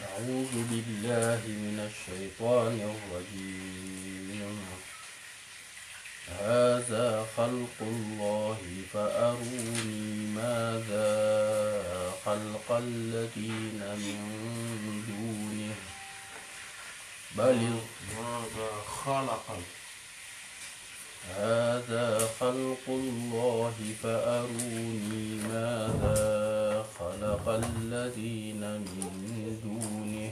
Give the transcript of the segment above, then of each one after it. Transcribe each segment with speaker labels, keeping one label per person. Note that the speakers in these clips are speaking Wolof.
Speaker 1: أعوذ بالله من الشيطان الرجيم هذا خلق الله فأروني ماذا خلق الذين من دونه
Speaker 2: بل ماذا خلق
Speaker 1: هذا خلق الله فأروني ماذا خلق الذين من دونه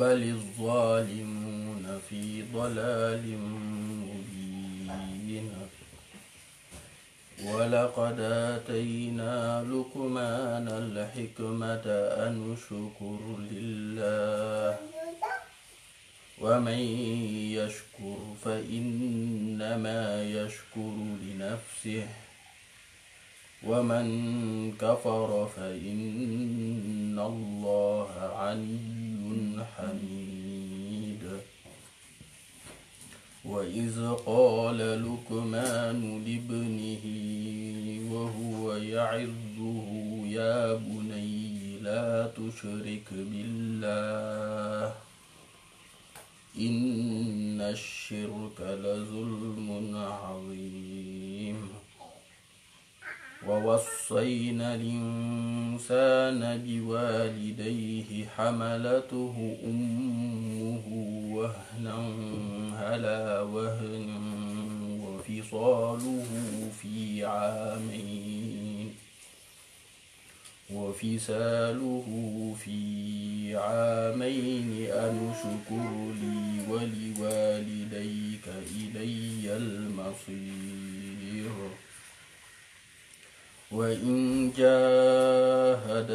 Speaker 1: بل الظالمون في ضلال مبين ولقد آتينا لقمان الحكمة أن شكر لله ومن يشكر فإنما يشكر لنفسه ومن كفر فإن الله علي حميد وإذ قال لقمان لابنه وهو يعظه يا بني لا تشرك بالله إن الشرك لظلم عظيم ووصينا الإنسان بوالديه حملته أمه وهنا هلا وهن وفصاله في عامين وفصاله في عامين أن اشكر لي ولوالديك إلي المصير وإن جاهداك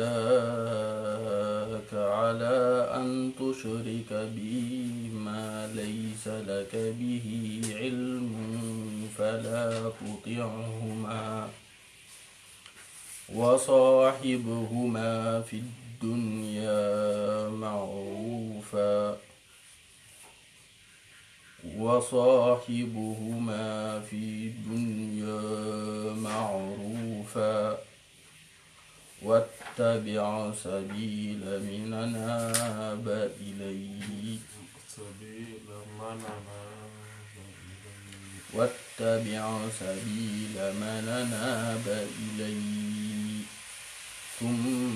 Speaker 1: على أن تشرك بي ما ليس لك به علم فلا تطعهما وصاحبهما في الدنيا معروفا وصاحبهما في الدنيا معروفا واتبع سبيل من أناب إليه واتبع سبيل من أناب إليه ثم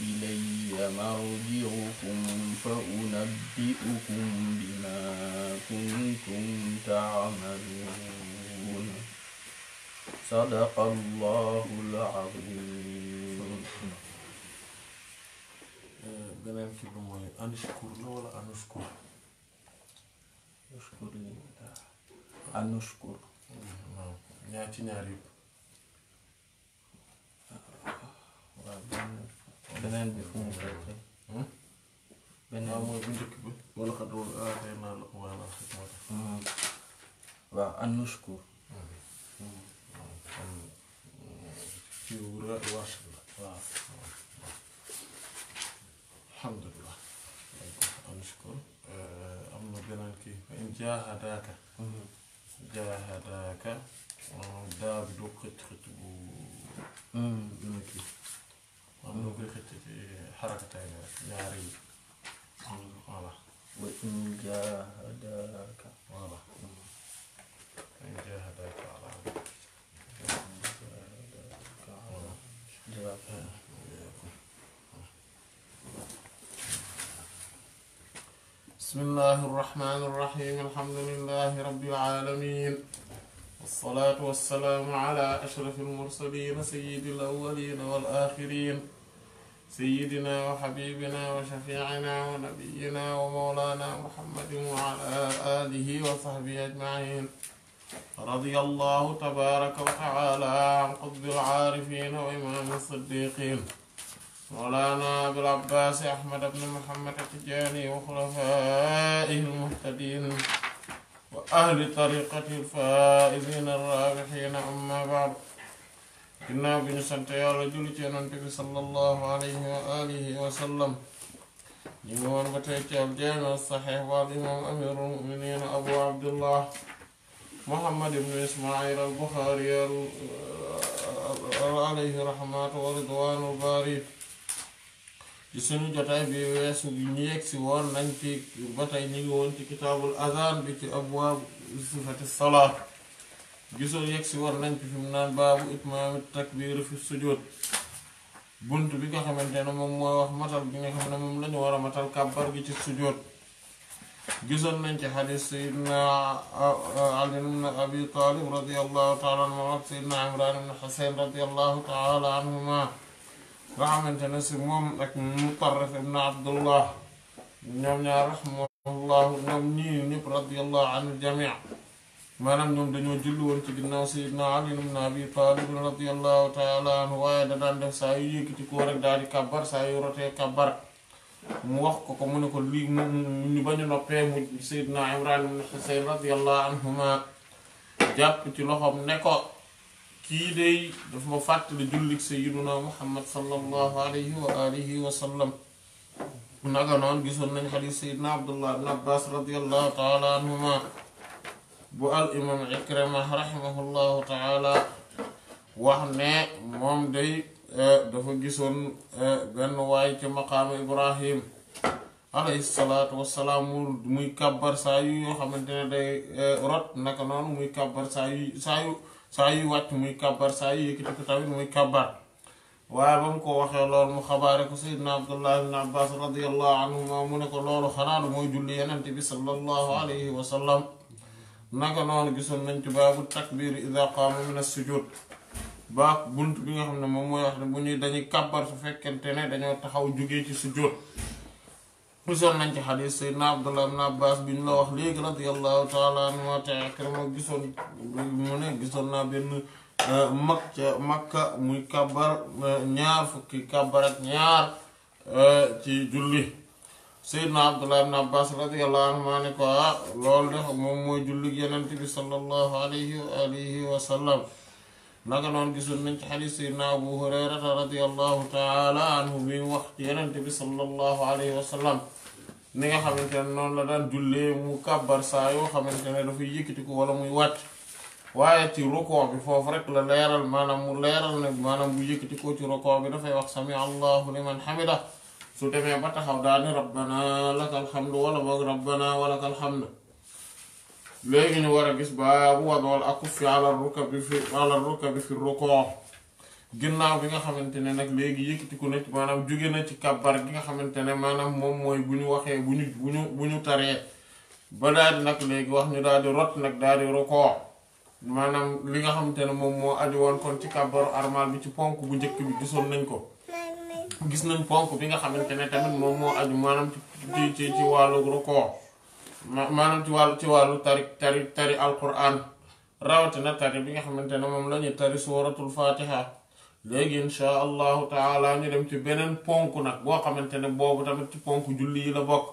Speaker 1: إلي مرجعكم فأنبئكم بما كنتم تعملون صدق الله العظيم بنام كيف موي أنا شكور له ولا أنا شكور أشكر لله أنا شكور نعتي نعرف بنام بفهم waaw an nushkur waaw
Speaker 2: alhamdulillah
Speaker 1: an nushkur am na beneen kii fa in jaahadaaka jaahadaaka daa bi doo xëcc xëcc bu dina kii am na koy xëcc ci xarakatay ñaari yi واضح وإن جاهداك واضح وإن جاهداك على
Speaker 2: بسم الله الرحمن الرحيم الحمد لله رب العالمين والصلاة والسلام على أشرف المرسلين سيد الأولين والآخرين سيدنا وحبيبنا وشفيعنا ونبينا ومولانا محمد وعلى آله وصحبه أجمعين رضي الله تبارك وتعالى عن قطب العارفين وإمام الصديقين مولانا أبو العباس أحمد بن محمد التجاني وخلفائه المهتدين وأهل طريقته الفائزين الرابحين أما بعد ginnaaw bi ñu sante yàlla julli ci yonent bi sallallahu alayhi wa wa sallam ñu ngi woon ba tey ci al jaami saxiix wal imaam amirul muminina abu abdullah muhammad ibnu ismail al buxaari alayhi rahmatu wa ridwaanul baari ci suñu jotaay bi weesu ñu yegg si woon nañ ci ba tey ngi woon ci kitaabul azaan bi ci abwaab sifati salaat gisoon yegg si war nañ ci fi mu naan baabu itmaami takbiir fi sujjóot bunt bi nga xamante ne moom moo wax matal bi nga xam ne moom lañu war a matal kàbbar gi ci sujjóot gisoon nañ ci xadiis sayidna ali ibn abi taalib radiallahu taala anhuma ak sayidna imran ibn xuseyn radiallahu taala ne si moom ak mutarrif ibn abdullah ñoom ñaar raxmahullahu ñoom ñii ñëpp radiallahu anhu jamii manam ñom dañu jullu won ci ginnaw sayyidina Ali ibn Abi Talib radiyallahu ta'ala anhu waaye da dan def saa yu yëkkati ko rek dal di kabar saa yu rotee kàbbar mu wax ko ko muniko li ñu bañu noppé mu sayyidina Imran ibn Husayn radiyallahu anhuma japp ci loxom ne ko ki day daf ma fàttali jullik sayyidina Muhammad sallallahu alayhi wa alihi wa sallam naga non gisoon nañ xadiis sayyidina Abdullah ibn Abbas radiyallahu ta'ala anhuma bu al imam ikrima rahimahullahu taala wax ne moom day e, dafa gisoon e, benn waay ci maqaama ibrahim alayhi salaatu wassalaam muy kàbbar saa yu yoo xamante ne day e, rot naka noonu muy kàbbar saa yu saa yu saa yu wàcc muy kàbbar saa yu yëkkati ko tamit muy kàbbar waaye ba mu ko waxee loolu mu xabaare ko sayyidna abdullah ibn abbas radiallahu mu ne ko loolu xanaa lu mooy julli yenente bi sallallahu alayhi wa naka noonu gisoon nañ ci baabu takbiir idaa qaama mina sujuud baa bunt bi nga xam ne moom mooy wax ne bu ñuy dañuy kàbbar su fekkente ne dañoo taxaw jógee ci sujuud gisoon nañ ci xadiis Seydina Abdullah ibn Abbaas bi ñu la wax léegi radiyallahu taala anhuma te gisoon mu ne gisoon naa benn euh, mag ca Makka muy kàbbar euh, ñaar fukki kàbbar ak ñaar euh, ci julli sayyidna abdullah ibn abbas radiyallahu anhu maa ne ko ah loolu de moom mooy jullig yenent bi sallallahu alayhi wa alihi wa sallam naka noonu gisul nañ ci xadiis abu hurayrata radiyallahu taala anhu bi wax ci alayhi wa sallam ni nga xamante ne noonu la daan jullee mu kàbbar saa yoo xamante ne dafay yëkkati ko wala muy wàcc waaye ci rukoo foofu rek la leeral maanaam mu leeral ne maanaam bu yëkkati ko ci rukoo dafay wax sami allahu liman hamida su demee ba taxaw daal ni rabbana lakal hamdu wala boog rabbana walakal hamdu léegi ñu war a gis baabu wadol akuffi ala rukabi fi ala fi rukoo ginnaaw bi nga xamante ne nag léegi yëkkatiku na ci maanaam jóge ci kabar gi nga xamante ne maanaam moom mooy bu ñu waxee bu ñu bu ñu bu ñu taree ba daal nag léegi wax ñu daal di rot nag daal di maanaam li nga xamante ne moom moo aju woon kon ci kabaru armal bi ci ponk bu njëkk bi gisoon nañ ko gis nañ ponk bi nga xamante ne tamit moom moo aju maanaam ci ci ci wàllu rukoo maanaam ci wàllu ci wàllu tari tari tari alquran rawatina tari bi nga xamante ne moom la ñuy tari suuratul fatiha léegi insha allahu taala ñu dem ci beneen ponk nag boo xamante ne boobu tamit ci ponk julli yi la bokk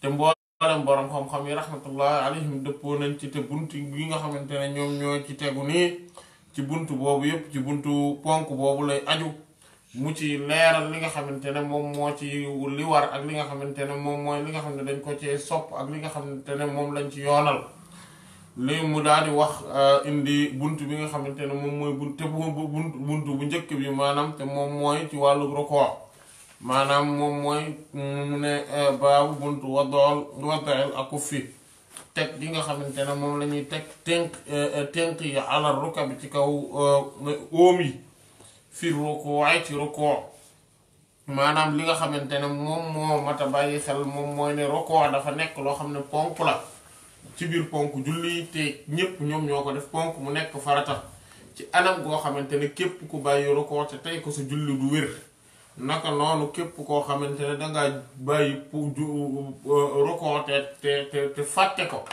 Speaker 2: te mboolem boroom xam-xam yi rahmatullahi alayhim dëppoo nañ ci te bunt yi nga xamante ne ñoom ñoo ci tegu nii ci bunt boobu yépp ci buntu ponk boobu l aju mu ci leeral li nga xamante ne moom moo ci li war ak li nga xamante ne moom mooy li nga xam ne dañ ko cee ak li nga xamante ne moom lañ ci yoonal li mu daal di wax euh, indi bunt bi nga xamante ne moom mooy bunt bunt bu njëkk bi maanaam te moom mooy ci wàllu record maanaam moom mooy mu euh, bunt waddool waddeel ak kuffi teg gi nga xamante ne moom la ñuy teg tënk euh, tënk yi alal ruka bi ci kaw óom fi waaye ci rukoo maanaam li nga xamante ne moom moo mat bàyyi xel moom mooy ne rukoo dafa nekk loo xam ne ponk la ci biir ponk julli te ñépp ñoom ñoo ko def ponk mu nekk farata ci anam goo xamante ne képp ku bàyyi rukoo te tey ko sa julli du wér naka noonu képp koo xamante ne dangaa bàyyi uh, rukoo te te te fàtte ko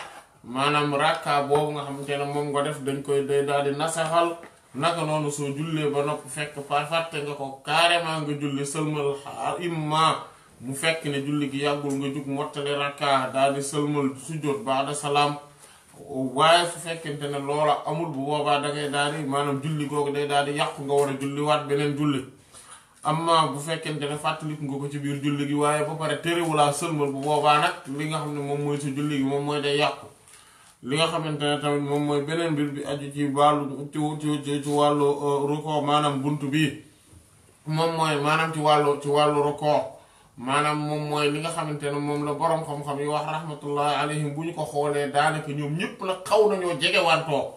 Speaker 2: maanaam rakka boobu nga xamante ne moom nga def dañ koy day daal di nasaxal naka noonu soo jullee ba nopp fekk fa fàtte nga ko carrément nga julli sëlmal imma mu fekk ne julli gi yàggul nga jug mottali daal di sëlmal sujjóot salaam waaye su fekkente ne amul bu boobaa da daal di maanaam julli googu day daal di yàqu nga war a julli waat beneen julli bu fekkente ne fàttaliku nga ko ci biir julli gi waaye ba pare terewulaa sëlmal bu boobaa nag li nga xam ne moom mooy sa julli gi moom mooy day yàqu li nga xamante ne tamit moom mooy beneen mbir bi aju ci wàllu ci ci wàllu euh, ruko maanaam bunt bi moom mooy maanaam ci wàllu ci wàllu ruko maanaam moom mooy li nga xamante ne moom la boroom xam-xam yi wax rahmatullahi alayhim bu ñu ko xoolee daanaka ñoom ñëpp nag xaw nañoo jegewantoo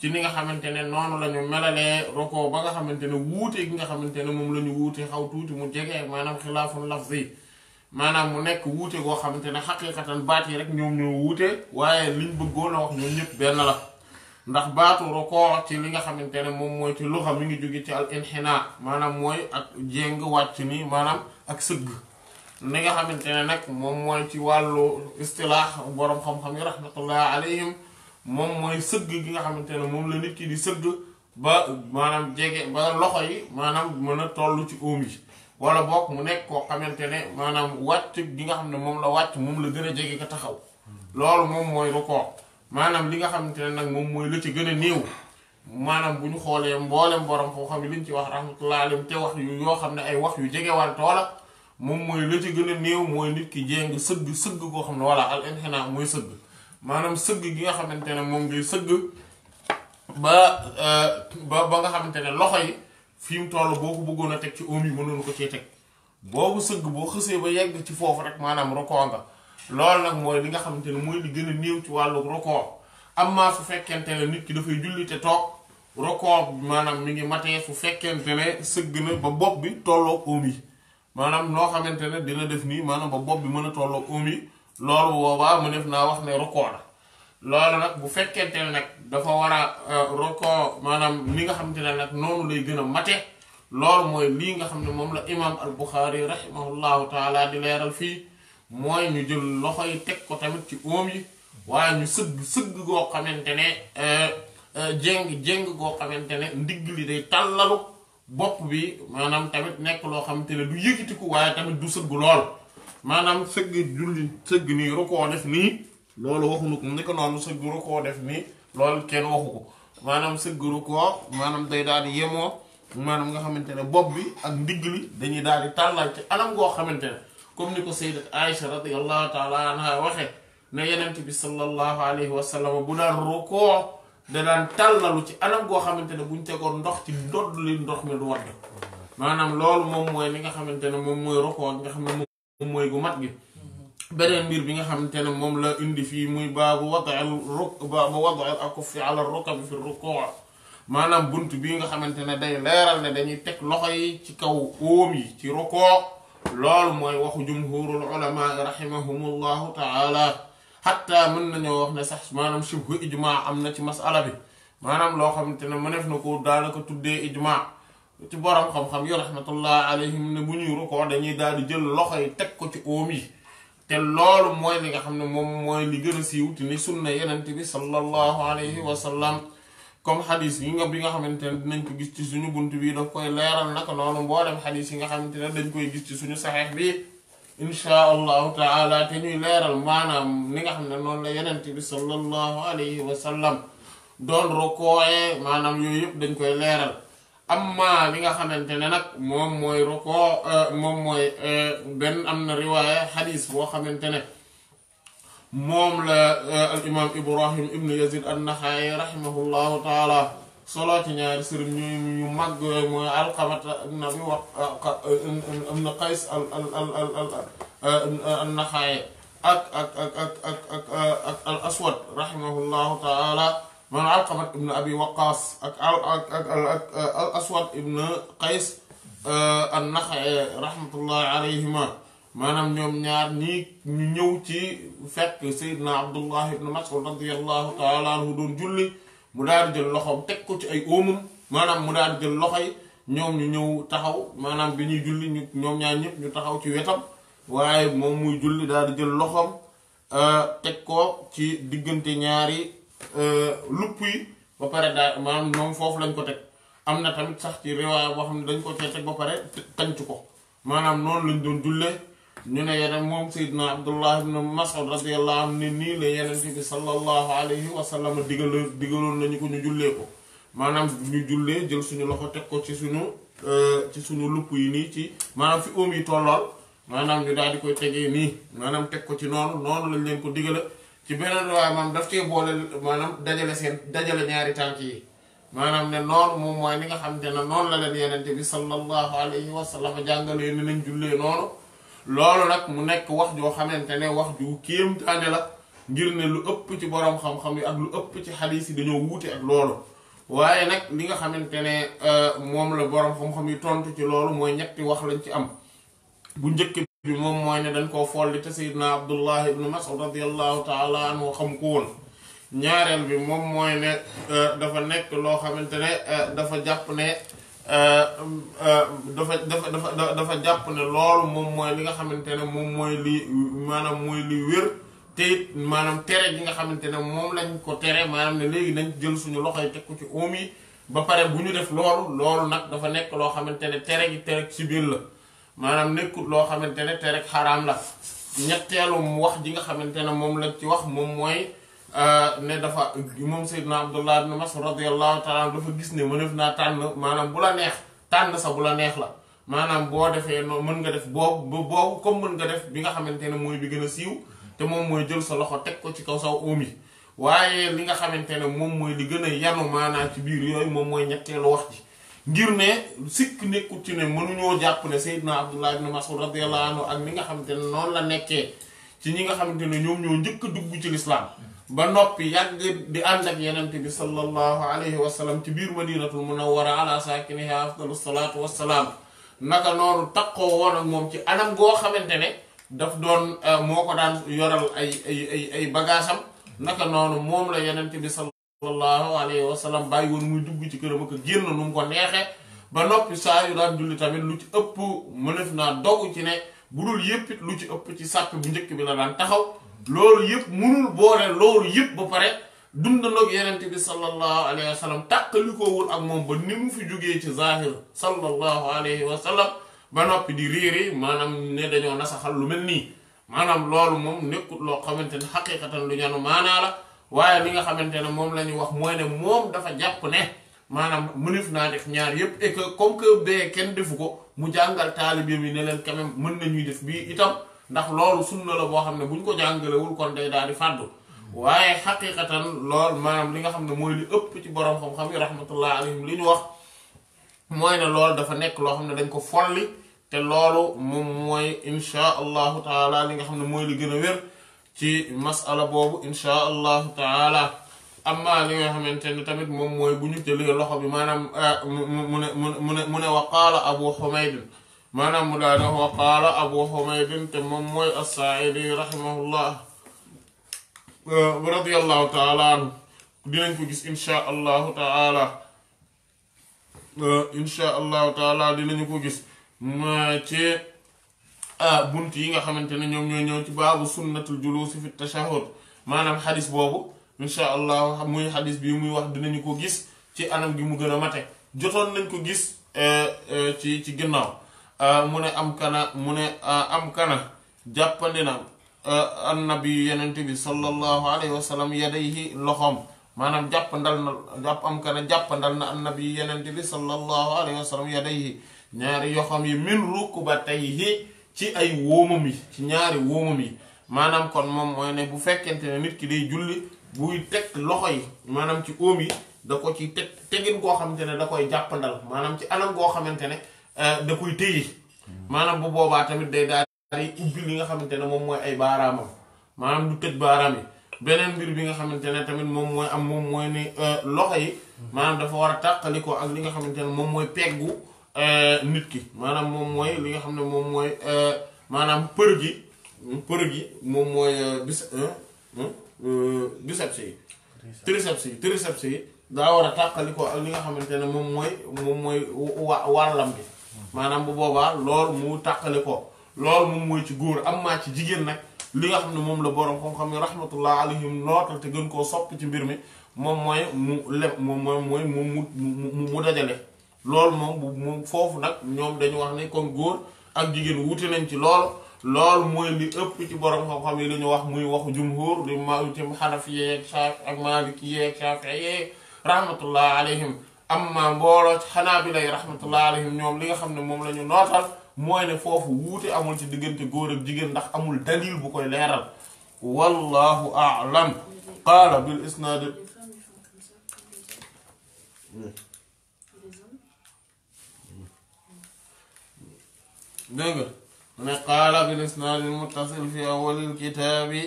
Speaker 2: ci li nga xamante ne noonu la ñu melalee ruko ba nga xamante ne wuute gi nga xamante ne moom la ñu wuute xaw tuuti mu jege maanaam xilaafun bi maanaam mu nekk wuute goo xamante ne xaqiiqatan baat yi rek ñoom ñoo wuute waaye liñ bëggoon a wax ñoom ñëpp benn la ndax baatu rukoo ci li nga xamante ne moom mooy ci luxa mi ngi jóge ci al inxinaa maanaam mooy ak jéng wàcc ni maanaam ak sëgg li nga xamante ne nag moom mooy ci wàllu istilaax boroom xam-xam yi rahmatullahi alayhim moom mooy sëgg gi nga xamante ne moom la nit ki di sëgg ba maanaam jege ba loxo yi maanaam mën a toll ci óom yi wala bokk mu nekk koo xamante ne maanaam wàcc gi nga xam ne moom la wàcc moom la gën a jege ka taxaw loolu moom mooy rukkoo maanaam li nga xamante ne nag moom mooy la ci gën a néew maanaam bu ñu xoolee mboolem borom xam ne liñ ci wax rahmatullahi alayhi te wax xam ne ay wax yu jege wala toola moom mooy la ci gën a néew mooy nit ki jéng sëgg sëgg xam ne wala al mooy sëgg maanaam sëgg gi nga xamante ne moom ngay sëgg ba euh, ba nga xamante ne loxo yi. fi mu toll boo ko bëggoon a teg ci oom yi mënoon ko cee teg boobu sëgg boo xësee ba yegg ci foofu rek maanaam roko nga lool nag mooy li nga xamante ne mooy li gën a ci wàllu roko am maa su fekkente ne nit ki dafay julli te toog roko maanaam mi ngi matee su fekkente ne sëgg na ba bopp bi tolloog oom yi maanaam noo xamante ne dina def nii maanaam ba bopp bi mën a tolloog oom yi loolu boobaa mu def naa wax ne roko la loolu nag bu fekkente ne nag. dafa war a euh, roko maanaam li nga xamante ne nag noonu lay gën a mate loolu mooy lii nga xam ne moom la imaam al buxaari rahimahullahu taala di leeral fii mooy ñu jël loxo yi teg ko tamit ci oom yi waaye ñu sëgg sëgg goo xamante ne euh, euh, jéng jéng goo xamante ne ndigg li day tàllalu bopp bi maanaam tamit nekk loo xam xamante ne du yëkkatiku waaye tamit du sëgg lool maanaam sëgg julli sëgg nii rukoo def nii loolu waxuñu ko ni noonu sëgg rukoo def nii loolu kenn waxu ko maanaam sëggaru ko maanaam day daal di yemoo maanaam nga xamante ne bopp bi ak ndigg li dañuy daal di tàllal ci anam goo xamante ne comme ni ko sayyidat Aïcha radiyallahu taala anha waxe ne yenent bi sallallahu alayhi wa sallam bu daan rukoo da daan tàllalu ci anam goo xamante ne buñ tegoon ndox ci ndodd li ndox mi lu du wadd maanaam loolu moom mooy li nga xamante ne moom mooy rukoo nga xam ne moom mooy gu mat gi beneen mbir bi nga xamante ne moom la indi fii muy baabu wad'il ruk baabu wad'il akuffi ala rukabi fi ruku' maanaam bunt bi nga xamante ne day leeral ne dañuy teg loxo yi ci kaw óom yi ci ruku' loolu mooy waxu jumhurul ulama rahimahumullahu taala xatta mën nañoo wax ne sax maanaam shibhu ijma am na ci masala bi maanaam loo xamante ne mënef na ko daala ko tuddee ijma ci borom xam-xam yi rahmatullah alayhim ne bu ñuy rukkoo dañuy daal di jël loxo yi teg ko ci óom yi te loolu mooy li nga xam ne moom mooy li si a siiw te li sunna yenent bi sallallahu alayhi wa sallam comme xadis yi nga bi nga xamante ne dinañ ko gis ci suñu bunt bi na koy leeral naka noonu mboolem xadis yi nga xamante ne dañ koy gis ci suñu saxeex bi inchaa allahu taala te ñuy leeral maanaam li nga xam ne noonu la yenent bi sallallahu alayhi wa sallam doon rokooyee maanaam yooyu yëpp dañ koy leeral amma li nga xamantene nak mom moy mooy roko moom mooy benn am na riwaaya xadis boo xamante la al imam ibrahim ibn yazid an-naxa'i rahimahullahu taala salati ci ñaari ñuy ñu mag moy al khamat ibn abi wa ibn qais al al al al an-naxa'i ak ak ak ak ak al aswad rahimahullahu taala maanaam alqamat ibn abi waqaas ak eh, al aswad ibn qays eh, an naxee rahmatullahi alayhima maanaam ñoom ñaar ñii ñu ñëw ci fekk sayyidna abdullah ibn mas'ud radiallahu taala doon julli mu daal di jël loxoom teg ko ci ay óomam maanaam mu daal jël loxo yi ñoom ñu ñëw taxaw maanaam bi ñuy julli ñu ñoom ñaar ñëpp ñu taxaw ci wetam waaye moom muy julli daal di jël loxoom eh, teg ko ci diggante ñaari Euh, lupp yi ba pare daal maanaam ñoom foofu lañ ko teg am na tamit sax ci riwaay boo xam ne dañ ko cee teg ba pare tanc ko maanaam noonu lañ doon jullee ñu ne yeneen moom Seydina Abdullah ibn Mas'ud radiyallahu anhu ne nii la yeneen bi sallallahu alayhi wa sallam digal digaloon nañu ko ñu jullee ko maanaam ñu jullee jël suñu loxo teg ko ci suñu euh, ci suñu lupp yi nii ci maanaam fi óom yi tollool maanaam ñu daal di koy tegee nii maanaam teg ko ci noonu noonu lañ leen ko digale ci beneen riwaay maanaam daf cee boole maanaam dajale seen dajale ñaari tànk yi maanaam ne noonu moom mooy li nga xam ne noonu la leen yenente bi sallallahu alayhi wa sallam jàngalee ni nañ jullee noonu loolu nag mu nekk wax joo xamante ne wax ju kéemtaane la ngir ne lu ëpp ci boroom xam-xam yi ak lu ëpp ci xadiis yi dañoo wuute ak loolu waaye nag li nga xamante ne euh, moom la boroom xam-xam yi tontu ci loolu mooy ñetti wax lañ ci am bu njëkk bi moom mooy ne dañ koo folli te sayidna abdullah ibnu mas'ud radiallahu taala anhu xam ko woon ñaareel bi moom mooy ne euh, dafa nekk loo xamante ne euh, dafa jàpp ne euh, dafa dafa dafa dafa jàpp ne loolu moom mooy li nga xamante ne moom mooy li maanaam mooy li wér te maanaam tere gi nga xamante ne moom lañ ko tere maanaam ne léegi nañ jël suñu loxo yi teg ko ci oom yi ba pare bu ñu def loolu loolu nag dafa nekk loo xamante ne tere gi tere si biir la maanaam nekkut loo xamante ne te rek xaraam la ñetteelu wax ji nga xamante ne moom lañ ci wax moom mooy euh, ne dafa moom Seydina Abdullah na Mas'ud radiyallahu taala dafa gis ne mënef naa tànn maanaam bu la neex tànn sa bu la neex la maanaam boo defee noonu mën nga def boobu boobu comme mën nga def bi nga xamante ne mooy bi gën a siiw te moom mooy jël sa loxo teg ko ci kaw saw oom waaye li nga xamante ne moom mooy li gën a yanu maanaam ci biir yooyu moom mooy ñetteelu wax ji ngir ne sikk nekkul ci ne mënuñoo jàpp ne Seydina Abdullah ibn Mas'ud radiyallahu anhu ak mi nga xamante ne noonu la nekkee ci ñi nga xamante ne ñoom ñoo njëkk a dugg ci lislaam ba noppi yàgg di ànd ak yenente bi sallallahu alayhi wa sallam ci biir madinatul munawwara ala saakiniha afdalu salaatu wassalaam naka noonu takkoo woon ak moom ci anam goo xamante ne daf doon euh, moo ko daan yoral ay ay ay ay bagaasam naka noonu moom la yenente bi sallallahu alayhi wa sallam bàyyi woon muy dugg ci këram ak génn nu mu ko neexee ba noppi saa yu daan tamit lu ci ëpp mënef naa dogu ci ne bu yëpp lu ci ëpp ci sàpp bu njëkk bi la daan taxaw loolu yëpp munul boole loolu yëpp ba pare dundandoog yenente bi sallallahu alayhi wa sallam tàqalikoowul moom ba ni mu fi jógee ci zahir sallallahu alayhi wa sallam ba noppi di réeri maanaam ne dañoo nasaxal lu mel nii maanaam loolu moom nekkul loo xamante ni xaqiqatan lu ñanu maanaa waaye li nga xamante ne moom la ñu wax mooy ne moom dafa jàpp ne maanaam mënef naa def ñaar yépp et que comme bee kenn defu ko mu jàngal taalibe bi ne leen quand même mën nañuy def bii itam ndax loolu sunna la boo xam ne buñ ko jàngalewul kon day daal di fàddu waaye xaqiqatan lool maanaam li nga xam ne mooy li ëpp ci borom xam-xam yi rahmatullah alayhim li ñu wax mooy ne loolu dafa nekk loo xam ne dañ ko folli te loolu moom mooy insha allahu taala li nga xam ne mooy li gën a ci masala bobu insha allah taala amma li nga xamante tamit mom moy buñu jël loxo bi manam mu ne mu ne wa qaala abu humayd manam mu daane wa qaala abu humayd te mom moom mooy assaaidi rahimahullah radiallahu taala dinañ ko gis insha allah taala insha allah taala dinañ ko gis ma ci bunt yi nga xamante ne ñoom ñooy ñëw ci baabu sunnatul julusi fi tashahhud maanaam xadis boobu insha allah muy xadis bi muy wax dinañu ko gis ci anam gi mu gën a mate jotoon nañ ko gis eh, eh, ci ci ginnaaw ah, mu ne am kana mu ne ah, am kana jàppandi na eh, annabi yenent bi sallallahu alayhi wa sallam yadayhi loxoom maanaam jàppandal na jàpp am kana jàppandal na annabi yenent bi sallallahu alayhi wa sallam yadayhi ñaari ci ay wóomam yi ci ñaari wóomam yi maanaam kon moom mooy ne bu fekkente ne nit ki day julli buy teg loxo yi maanaam ci yi da ci teg tegin koo xamante ne da koy jàppandal maanaam ci anam goo xamante ne eh, da koy maanaam bu boobaa tamit day daal di ubbi li nga xamante ne moom mooy ay baaraamam maanaam du baaraam yi beneen mbir bi nga xamante ne tamit moom mooy am moom mooy ne eh, loxo yi maanaam dafa war a tàqali ko ak li nga xamante ne moom mooy peggu Euh, nit ki maanaam moom mooy li nga xam ne moom mooy euh, maanaam për gi për gi moom mooy euh, bis hmm, biceps yi triceps daa war a tàqali ak li nga xamante ne moom mooy moom mooy wa wàllam bi maanaam bu boobaa loolu mu tàqali ko loolu moom mooy ci góor am maa ci jigéen nag li nga xam ne moom la borom xam-xam yi rahmatullah alayhim nootal te gën koo sopp ci mbir mi moom mooy mu lem moom mooy mooy mu mu mu dajale loolu moom moom foofu nag ñoom dañu wax ne kon góor ak jigéen wuute nañ ci lool lool mooy li ëpp ci borom xam-xam yi li wax muy waxu jumhur di ma utim xanafi yeeg saaf ak maliki yeeg saafi yeeg rahmatullah alayhim amma mbooloo yi ñoom li nga xam ne moom lañu ñu nootal mooy ne foofu wuute amul ci diggante góor ak jigéen ndax amul dalil bu koy leeral wallahu a'lam qaala bil isnaad dégg nga ne qaala bil isnaadil muttasil fi awwalil kitaabi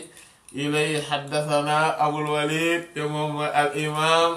Speaker 2: ilay xaddasanaa abul walid te moom mooy al imaam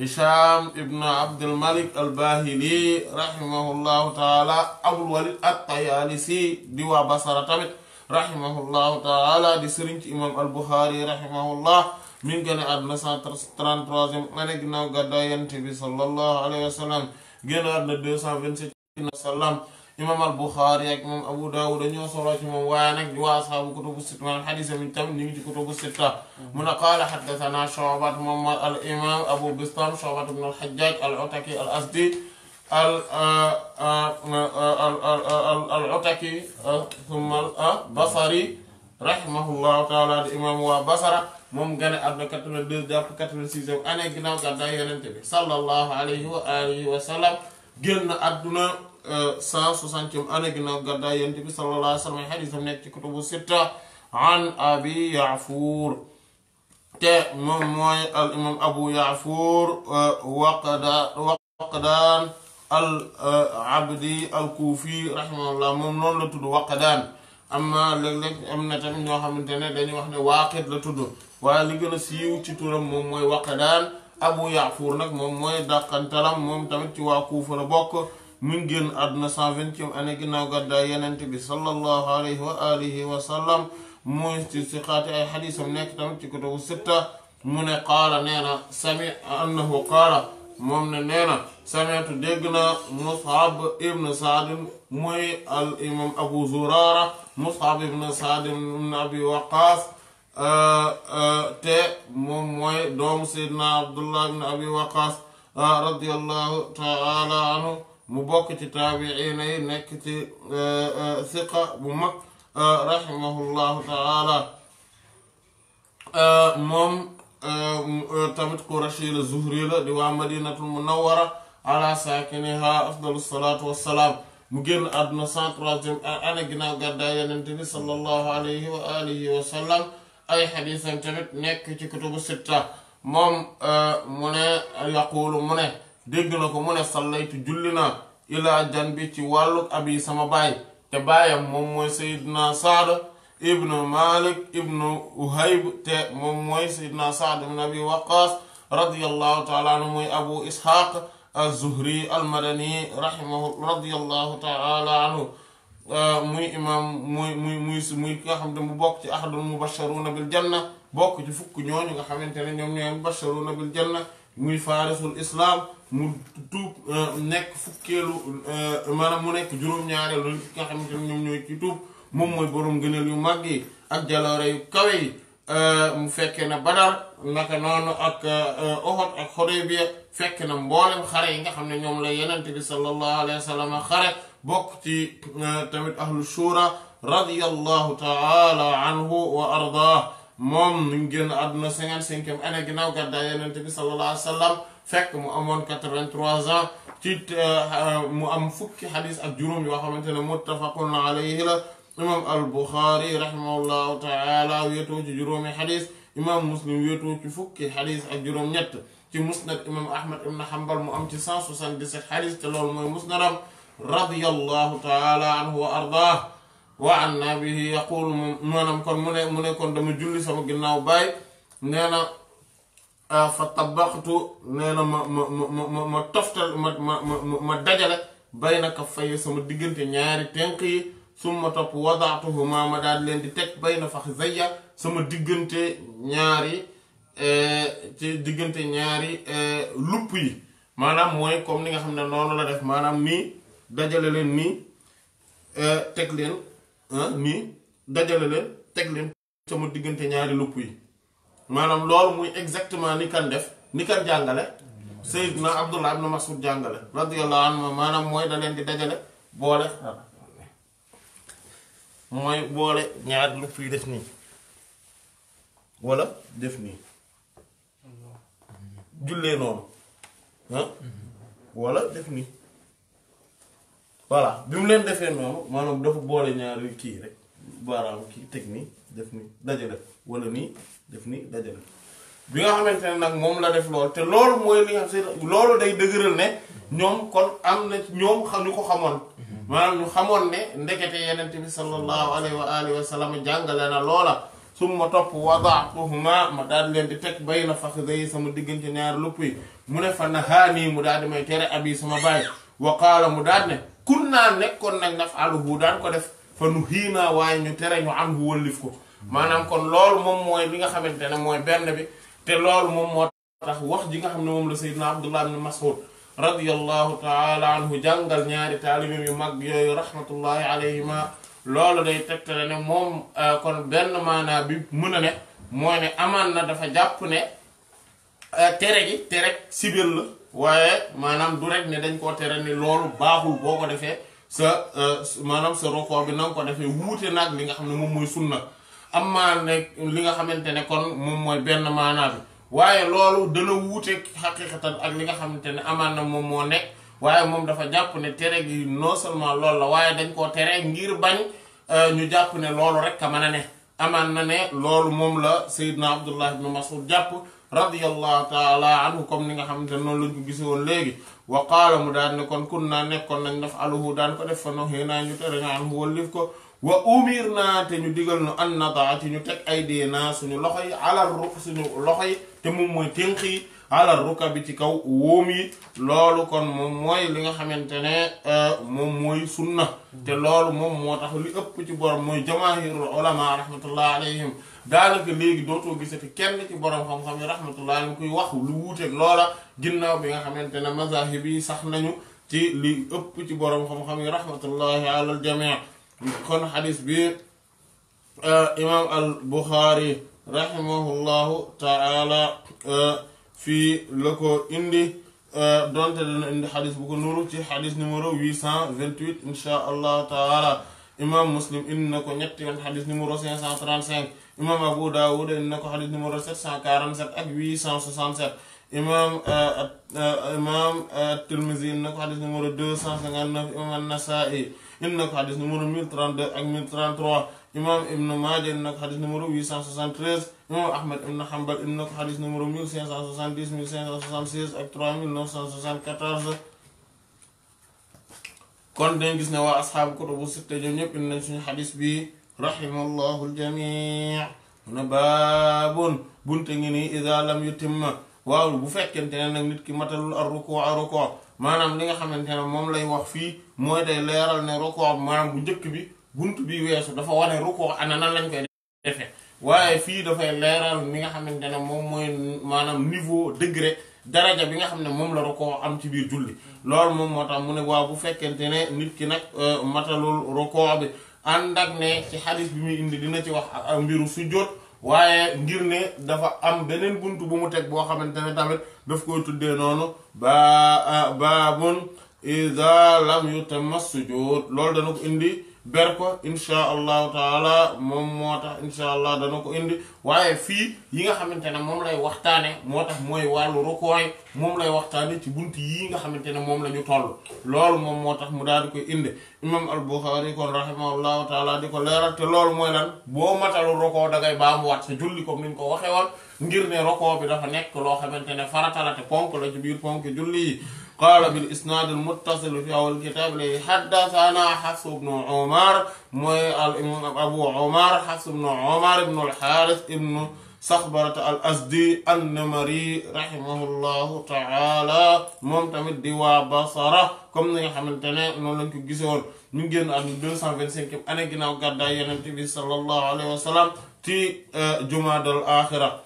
Speaker 2: hisham ibnu abdulmalik al bahili rahimahullahu taala abul walid at tayaalisi di waa basara tamit rahimahullahu taala di sëriñ ci imam al buxaari rahimahullah mi ngi gën a àdduna 133e année ginnaaw gàddaay yonent bi sallallahu alayhi wa sallam génn àdduna 227 sallam imam al buxaari ak imam abu daawud dañoo solo ci moom waaye nag waa asxaabu kutubu sitta maanaam xadis yi tamit ñu ci kutubu sitta mu ne qaala xaddasanaa Shu'bat al imam abu bistam Shu'bat ibn al xajjaaj al utaki al asdi al al utaki thumma al basri rahimahullahu taala di imam waa basara moom gane àdduna 82 jàpp 86 année ginnaaw gàddaay yonent bi sallallahu alayhi wa alihi wa sallam génn àdduna cent soixantième année ginnaaw gàddaay yonent bi sallallahu alayhi wa sallam ay xadiisam nekk ci kutubu sitta an abi yaafuur te moom mooy al imam abu yaafuur waqda al abdi al kuufi rahimahullah moom noonu la tudd waqdaan amma léeg-léeg am na tamit ñoo xamante ne dañuy wax ne waaqid la tudd waaye li gën a siiw ci turam moom mooy waqdaan abu yaafuur nag moom mooy dàqantalam moom tamit ci waa kuufa bokk من جن أدنى سافنتيم أنا جن أقعد يانن تبي صلى الله عليه وآله وسلم مونست سقاط أي حديث من كتاب تكتبه ستة من قال نينا سمع أنه قال ممن نينا سمعت دجنا مصعب ابن سعد مي الإمام أبو زرارة مصعب ابن سعد من وقاص ت مي دوم سيدنا عبد الله بن وقاص رضي الله تعالى عنه مبوكتي تابعين اي نكتي آه، آه، ثقة بمك آه، رحمه الله تعالى مم تمت قرشي الزهري لدواء مدينة المنورة على ساكنها أفضل الصلاة والسلام مجن أدنى سانترا جمع أنا جنا قد آية ننتمي صلى الله عليه وآله وسلم أي حديث تمت نكتي كتب ستة مم منا يقول منا dégg na ko mu ne sallaytu julli ila janbi ci walu abi sama baay te baayam mom moy sayidna saada ibnu malik ibnu uhayb te mom moy sayidna saad ibn abi waqas radiyallahu taala anhu moy abu ishaq az-zuhri al-madani rahimahu radiyallahu taala anhu moy imam moy moy moy moy ki nga xam ne mu bokk ci ahadul mubasharuna bil janna bok ci fukk ñoo nga xamantene ñom ñoom ñooy bil janna muy farisul islam mu tuub euh, nekk fukkeelu euh, mu nekk juróom-ñaareelu ki nga xamante ne ñoom ñooy ci tuub moom mooy boroom gëneel yu mag yi ak jaloore yu kawe yi euh, mu fekke na Badar naka noonu ak Uhud ak Hudaybiya fekk na mboolem xare yi nga xam ne ñoom la Yonent bi sallallahu alayhi wa xare bokk ci tamit ahlu shura radiyallahu taala anhu wa ardaah moom ñu génn àdduna cinquante-cinquième année ginnaaw gàddaay Yonent bi sallallahu alayhi wa sallam fekk mu amone 83 ans ci mu am fukki hadith ak juróom yo xamantene muttafaqun alayhi la imam al bukhari rahimahullahu taala wéetoo ci juróomi hadith imam muslim wéetoo ci fukki hadith ak juróom-ñett ci musnad imam ahmad ibn hanbal mu am ci 177 hadith te loolu moy musnadam radiyallahu taala anhu wa wa anna bihi yaqulu manam kon mu ne mu ne kon dama julli sama ginnaw bay nee Euh, fa tabaxtu nee na ma ma ma ma ma toftal ma ma ma dajale bay na fay sama diggante ñaari tenk yi summa topp wadaatuhuma ma daal leen di teg bay na fax zayya sama diggante ñaari euh, ci diggante ñaari euh, lupp yi maanaam mooy comme ni nga xam ne noonu la def maanaam nii dajale leen nii teg leen ah, nii dajale leen teg leen sama diggante ñaari lupp yi maanaam loolu muy exactement ni kan def ni kan jàngale Seydina Abdullah ibn Mas'ud jàngale radiyallahu anhu maanaam mooy da leen di dajale boole mooy boole ñaar lu fiy def nii walla def nii jullee noonu walla def nii voilà bi mu leen defee noonu maanaam dafa boole ñaari kii rek baaraam kii teg nii def nii dajale walla nii def ni dajale bi nga xamante ne nag moom la def lool te loolu mooy li nga xam loolu day dëgëral ne ñoom kon am na ñoom xam ñu ko xamoon maanaam ñu xamoon ne ndekete yenent bi sallallahu alayhi wa alihi wa sallam jàngale na loola summa topp wadaatuhuma ma daal leen di teg bay na faxiday sama diggante ñaar lupp yi mu ne fa nahaanii mu daal di may tere sama baay wa qaala mu daal ne naa nekkoon nag naf aluhu daan ko def fa nu hiinaa waaye ñu tere ñu am hu wëllif ko maanaam kon loolu moom mooy li nga xamante ne mooy benn bi te loolu moom moo tax wax ji nga xam ne moom la sayyidna Abdullah ibn Mas'ud radiyallahu taala anhu jàngal ñaari taalibim yu mag yooyu rahmatullahi alayhima loolu day tegtale ne moom euh, kon benn maanaa bi mën a ne mooy ne amaan na dafa jàpp ne euh, tere gi tere sibir la waaye maanaam du rek ne dañ koo tere ni loolu baaxul boo ko defee sa euh, maanaam sa roko bi na nga ko defee wuute nag li nga xam ne moom mooy sunna am maa ne li nga xamante ne kon moom mooy benn maanaa bi waaye loolu dana wuute xaqiqatan ak li nga xamante ne amaan na moom moo nekk waaye moom dafa jàpp ne tere gi noo seulement loolu la waaye dañ koo tere ngir bañ euh, ñu jàpp ne loolu rek a mën ne amaan na ne loolu moom la Seydina Abdullah ibn Mas'ud jàpp radiyallahu taala anhu comme li nga xamante ne noonu lañ ko gise woon léegi wa qaala mu daan ne kon kun naa nekkoon nañ def aluhu daan ko def fa noxee naa ñu ko wa umir naa te ñu digal nu an nadaa ci ñu teg ay dee naa suñu loxo yi alal ruk suñu loxo yi te moom mooy tënk yi alal ruka bi ci kaw wóom yi loolu kon moom mooy li nga xamante ne euh, moom mooy sunna te loolu moom moo tax li ëpp ci borom mooy jamaahirul ulama rahmatullah alayhim daanaka léegi dootoo gisati kenn borom xam-xam yi rahmatullah wax lu wuuteeg loola ginnaaw bi nga xamante ne mazahib yi sax nañu ci li ëpp ci borom xam-xam yi rahmatullahi alal jamii كون حديث بي آه، امام البخاري رحمه الله تعالى آه، في لوكو اندي آه، دونت اندي حديث بوكو نورو تي حديث نيميرو 828 ان شاء الله تعالى امام مسلم انكو نيت يون حديث نيميرو 535 امام ابو داوود انكو حديث نيميرو 747 اك 867 امام امام الترمذي انكو حديث نيميرو 259 امام النسائي indi na ko xadis numéro 1032 ak 1033 imam ibnu maaja indi na ko xadis numéro 873 imam ahmad ibnu hambal indi na ko xadis numéro 1570 1576 ak 3974 kon dañ gis ne waa asxaabu kutubu sitta ñoom ñëpp indi nañ suñu xadis bi rahimallahu aljamii na baabun bunte ngi nii idaa lam yutimma waaw bu fekkente ne nag nit ki matalul maanaam li nga xamante ne moom lay wax fii mooy day leeral ne rukoo maanaam bu njëkk bi bunt bi weesu dafa wane rukoo ana nan lañ koy waaye fii dafay leeral mi nga xamante ne moom mooy maanaam niveau degré daraja bi nga xam ne moom la rukoo am ci biir julli loolu moom moo tax mu ne waaw bu fekkente ne nit ki nag euh, matalul rukoo bi ànd ak ne ci xadis bi muy indi dina ci wax ak mbiru sujjóot waaye ngir ne dafa am beneen bunt bu mu teg boo xamante ne tamit daf koy tuddee noonu ba euh, baabun iza lam yutamma sujud loolu dana ko indi ber ko insha allahu taala moom moo tax insha allah dana ko indi waaye fii yi nga xamante ne moom lay waxtaane moo tax mooy wàllu rukooy moom lay waxtaane ci bunt yii nga xamante ne moom la ñu toll loolu moom moo tax mu daal di koy indi imam al-Bukhari kon rahimahullahu taala di ko leeral te loolu mooy lan boo matalu rukoo da ngay baamuwaat sa julli comme ni ñu ko waxee woon ngir ne rukoo bi dafa nekk loo xamante ne farata la ponk la ci biir ponk julli yi قال بالإسناد المتصل في أول الكتاب لي حدثنا حفص بن عمر مي الإمام أبو عمر حفص بن عمر بن الحارث بن صخبرة الأزدي أن مري رحمه الله تعالى ممتمد دوا بصرة كم نحملتنا نولنك جسور من جن أن دوسان فنسين كم أنا جناو قد دايا نمتبه صلى الله عليه وسلم تي آه، جمعة الآخرة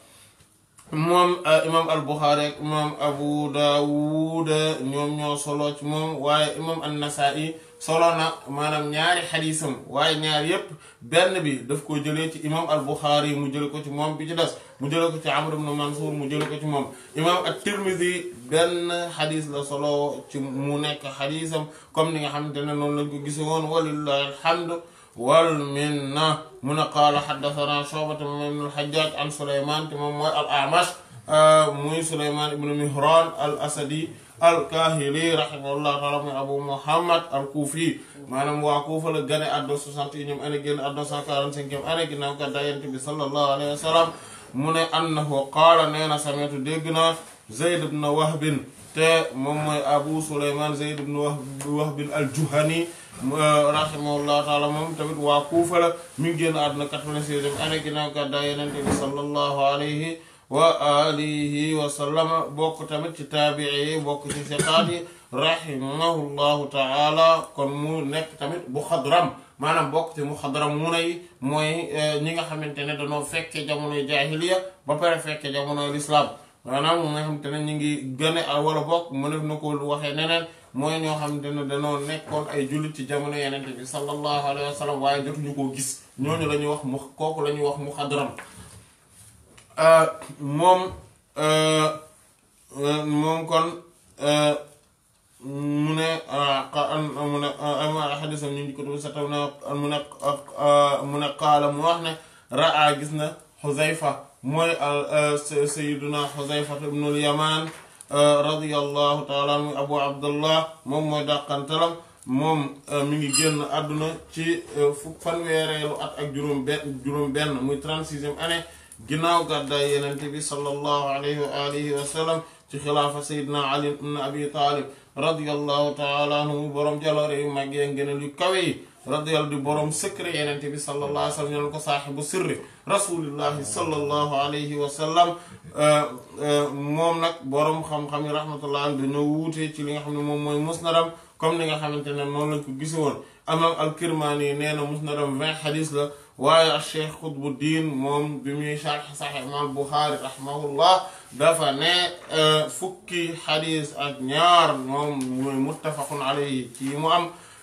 Speaker 2: moom euh, imam al buxaari ak imam abu daawud ñoom ñoo solo ci moom waaye imam an-nasaa'i solo na maanaam ñaari xadiisam waaye ñaar yépp benn bi def ko jëlee ci imam al buxaari mu jël ko ci moom bi ci des mu jël ko ci amr ibn mansour mu jël ko ci moom imam at-tirmidhi benn xadiis la solo ci mu nekk xadiisam comme ni nga xamante ne noonu lañ ko gise woon walillahi alhamdu wal minna mun a qaala xaddasanaa Shu'ba moom ibnu al-Hajjaaj an Sulaymaan te moom mooy al-A'mash euh, muy Sulaymaan ibnu Mihraan al-Asadi al-Kaahili rahimahullah taala muy Abu Muhammad al-Kuufi maanaam waa Kuufa la gane àdduna 61 ane ane ginnaaw gàddaay Yonent bi sallallahu alayhi wa sallam mu ne qaala nee na sami'tu dégg naa Zayd te moom mooy Abu Sulaymaan Zayd ibn Wahb al Euh, rahimahullahu taala moom tamit waa Kuufa la mi ngi génn àdduna 96e année ginnaaw gàddaay Yonent bi sallallahu alayhi wa alihi wa sallama bokk tamit ci taabi'i yi bokk ci siqaat yi rahimahullahu kon mu nekk tamit bu xadram maanaam bokk ci mu xadram mu nay mooy euh, ñi nga xamante ne dañoo fekke jamonoy jaahiliya ba pare fekke jamonoy lislaam maanaam ñi nga xamante ne ñu ngi gën a wala bokk mu nekk na ko waxee neneen moy ñoo xamante dañu danoo nekkoon ay jullit ci jamono yenente bi sallallahu alayhi wasallam way jot jotuñu koo gis ñooñu la ñuy wax mu koku lañu ñuy wax muxadram moom moom kon mu ne mu ne xadisam ñu mune ama tudd ñu ko na mu ne mu ne qaala mu wax ne raa gis na moy al sayyiduna huzaifa ibn al yaman Euh, radiyallahu taala abu abdullah moom mooy dàqantalam moom euh, mu ngi génn àdduna ci euh, fukk fanweereelu at ak juróom benn muy trente-sixième année ginnaaw gàddaay yenente bi sallallahu alayhi wa ci xilaafa sayyidina ali ibn abi taalib radiyallahu taala anhu borom jaloore yu màggee ngëneel yu kawe yi رضي الله بروم سكر يعني بي صلى الله عليه وسلم يلقى صاحب سر رسول الله صلى الله عليه وسلم موم نك بروم خم خم رحمه الله عند نووتي تي ليغا خامني موم موي مسندم كوم ليغا خامتني نون لا امام الكرماني نينا مسندم 20 حديث لا واي الشيخ قطب الدين موم بيمي شرح مال البخاري رحمه الله دافا فكي حديث اك نيار متفق عليه تي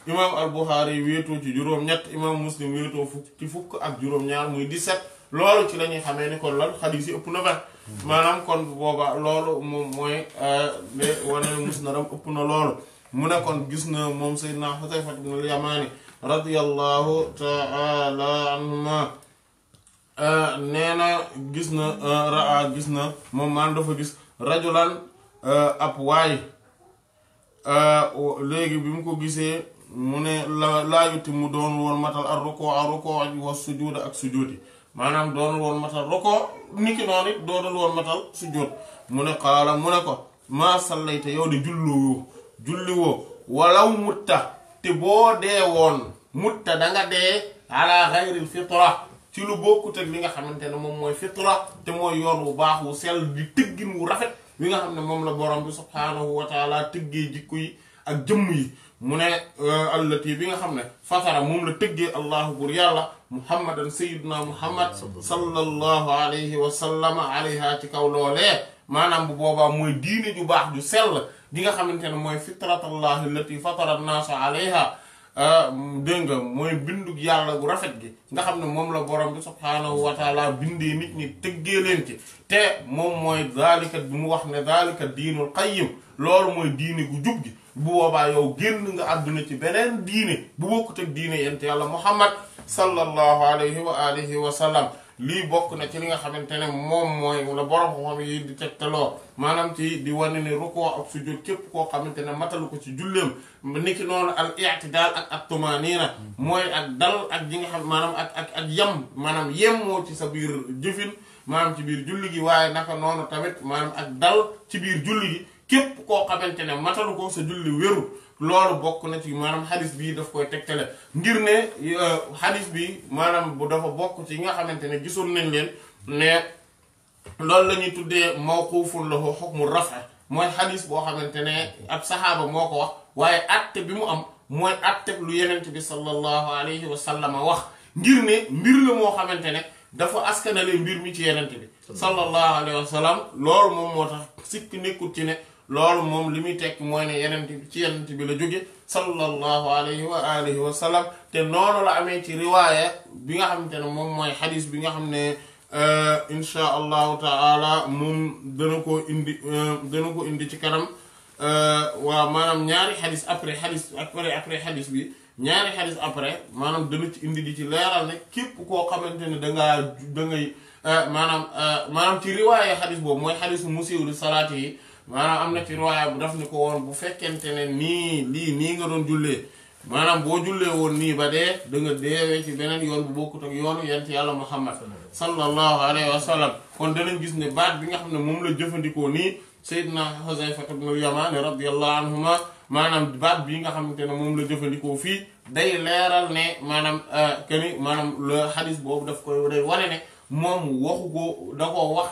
Speaker 2: imam al-Bukhari weto ci jurom ñet imam muslim weto fukk ci fukk ak jurom ñaar muy 17 lolu ci lañuy xamé ni kon lan hadith yi upp na vingt manam kon booba loolu euh, wane musnadam upp na lolu mu ne kon gis na mom sayyidna Hudayfa ibn al-Yamani radiyallahu taala anhu euh, nee na gis na euh, raa gis na mom man dafa gis rajulan ap way léegi legui bimu ko gisee mu ne la laayuti mu doon woon matal ak rukoo ak rukoo ak wa ak sujuud maanaam doonul woon matal rukoo niki noonu doo doonul woon matal sujuud mu ne qaala mu ne ko maa sallayta yow de julliwoo julliwoo walaw mutta te boo dee woon mutta da nga dee ala xayril fitra ci lu bokkut ak li nga xamante ne moom mooy fitra te mooy yoon wu baax wu sell di tëggin wu rafet wi nga xam ne moom la borom bi subhaanahu wa taala tëggee jikko yi ak jëmm yi mune alati bi nga xamne fatara mom la tegge allah bur yàlla muhammadan sayiduna muhammad sallallahu alayhi wa sallam alayha ci kaw lolé manam bu boba moy diine ju bax ju sel gi nga xamantene moy fitrat allah lati fatara an-nas alayha dégg nga mooy bindug yàlla gu rafet gi nga xamne mom la borom bi subhanahu wa taala bindee nit ñi tegge len ci te mom moy zalika bi mu wax ne zalika dinul qayyim lolou moy diine gu jub gi bu boobaa yow génn nga àdduna ci beneen diine bu bokkut ak diine yent yàlla muhammad sallallahu alayhi wa alihi wa sallam lii bokk na ci li nga xamante ne moom mooy la borom xam yi di tegtaloo maanaam ci di wane ne ak sujjóot képp koo xamante ne matalu ko ci julleem niki noonu al i'tidaal ak ak tumaaniina mooy ak dal ak ji nga xam maanaam ak ak ak yem maanaam yemmoo ci sa biir jëfin maanaam ci biir julli gi waaye naka noonu tamit maanaam ak dal ci biir julli gi képp koo xamante ne matalu ko sa julli wéru loolu bokk na ci maanaam xadis bii daf koy tegtale ngir ne euh, xadis bi maanaam bu dafa bokk ci yi nga xamante ne gisoon nañ leen ne loolu lañuy ñuy tuddee mawquufun lahu hukmu rafa mooy xadis boo xamante ne ak saxaaba moo ko wax waaye atte bi mu am mooy atte lu yenent bi sallallahu alayhi wa sallam wax ngir ne mbir la moo xamante ne dafa askanale mbir mi ci yenent bi sallallahu loolu moom moo tax sikk nekkul ci ne loolu moom li muy tekki mooy ne yenent ci yenent bi la jóge sallallahu alayhi wa alihi wa sallam te noonu la amee ci riwaaya bi nga xamante ne moom mooy xadis bi nga xam ne euh, insha allahu taala moom dana ko indi euh, dana ko indi ci kanam euh, waaw maanaam ñaari xadis après xadis après après xadis bi ñaari xadis après maanaam dana ci indi di ci leeral ne koo xamante ne dangaa da ngay maanaam maanaam ci riwaaya xadis boobu mooy xadis mu siiw salaati yi maanaam am na ci riwaaya bu daf ni ko woon bu fekkente ne nii lii nii nga doon jullee maanaam boo jullee woon nii ba dee da nga deewee ci beneen yoon bu bokkut ak yoonu yent yàlla muhammad sallallahu alayhi wa sallam kon danañ gis ne baat bi nga xam ne moom la jëfandikoo nii sayyidna Huzayfa ibnul Yamaani radiyallahu anhuma maanaam baat bii nga xamante ne moom la jëfandikoo fii day leeral ne maanaam keni euh, maanaam le xadis boobu daf koy day wane ne moom waxu ko da koo wax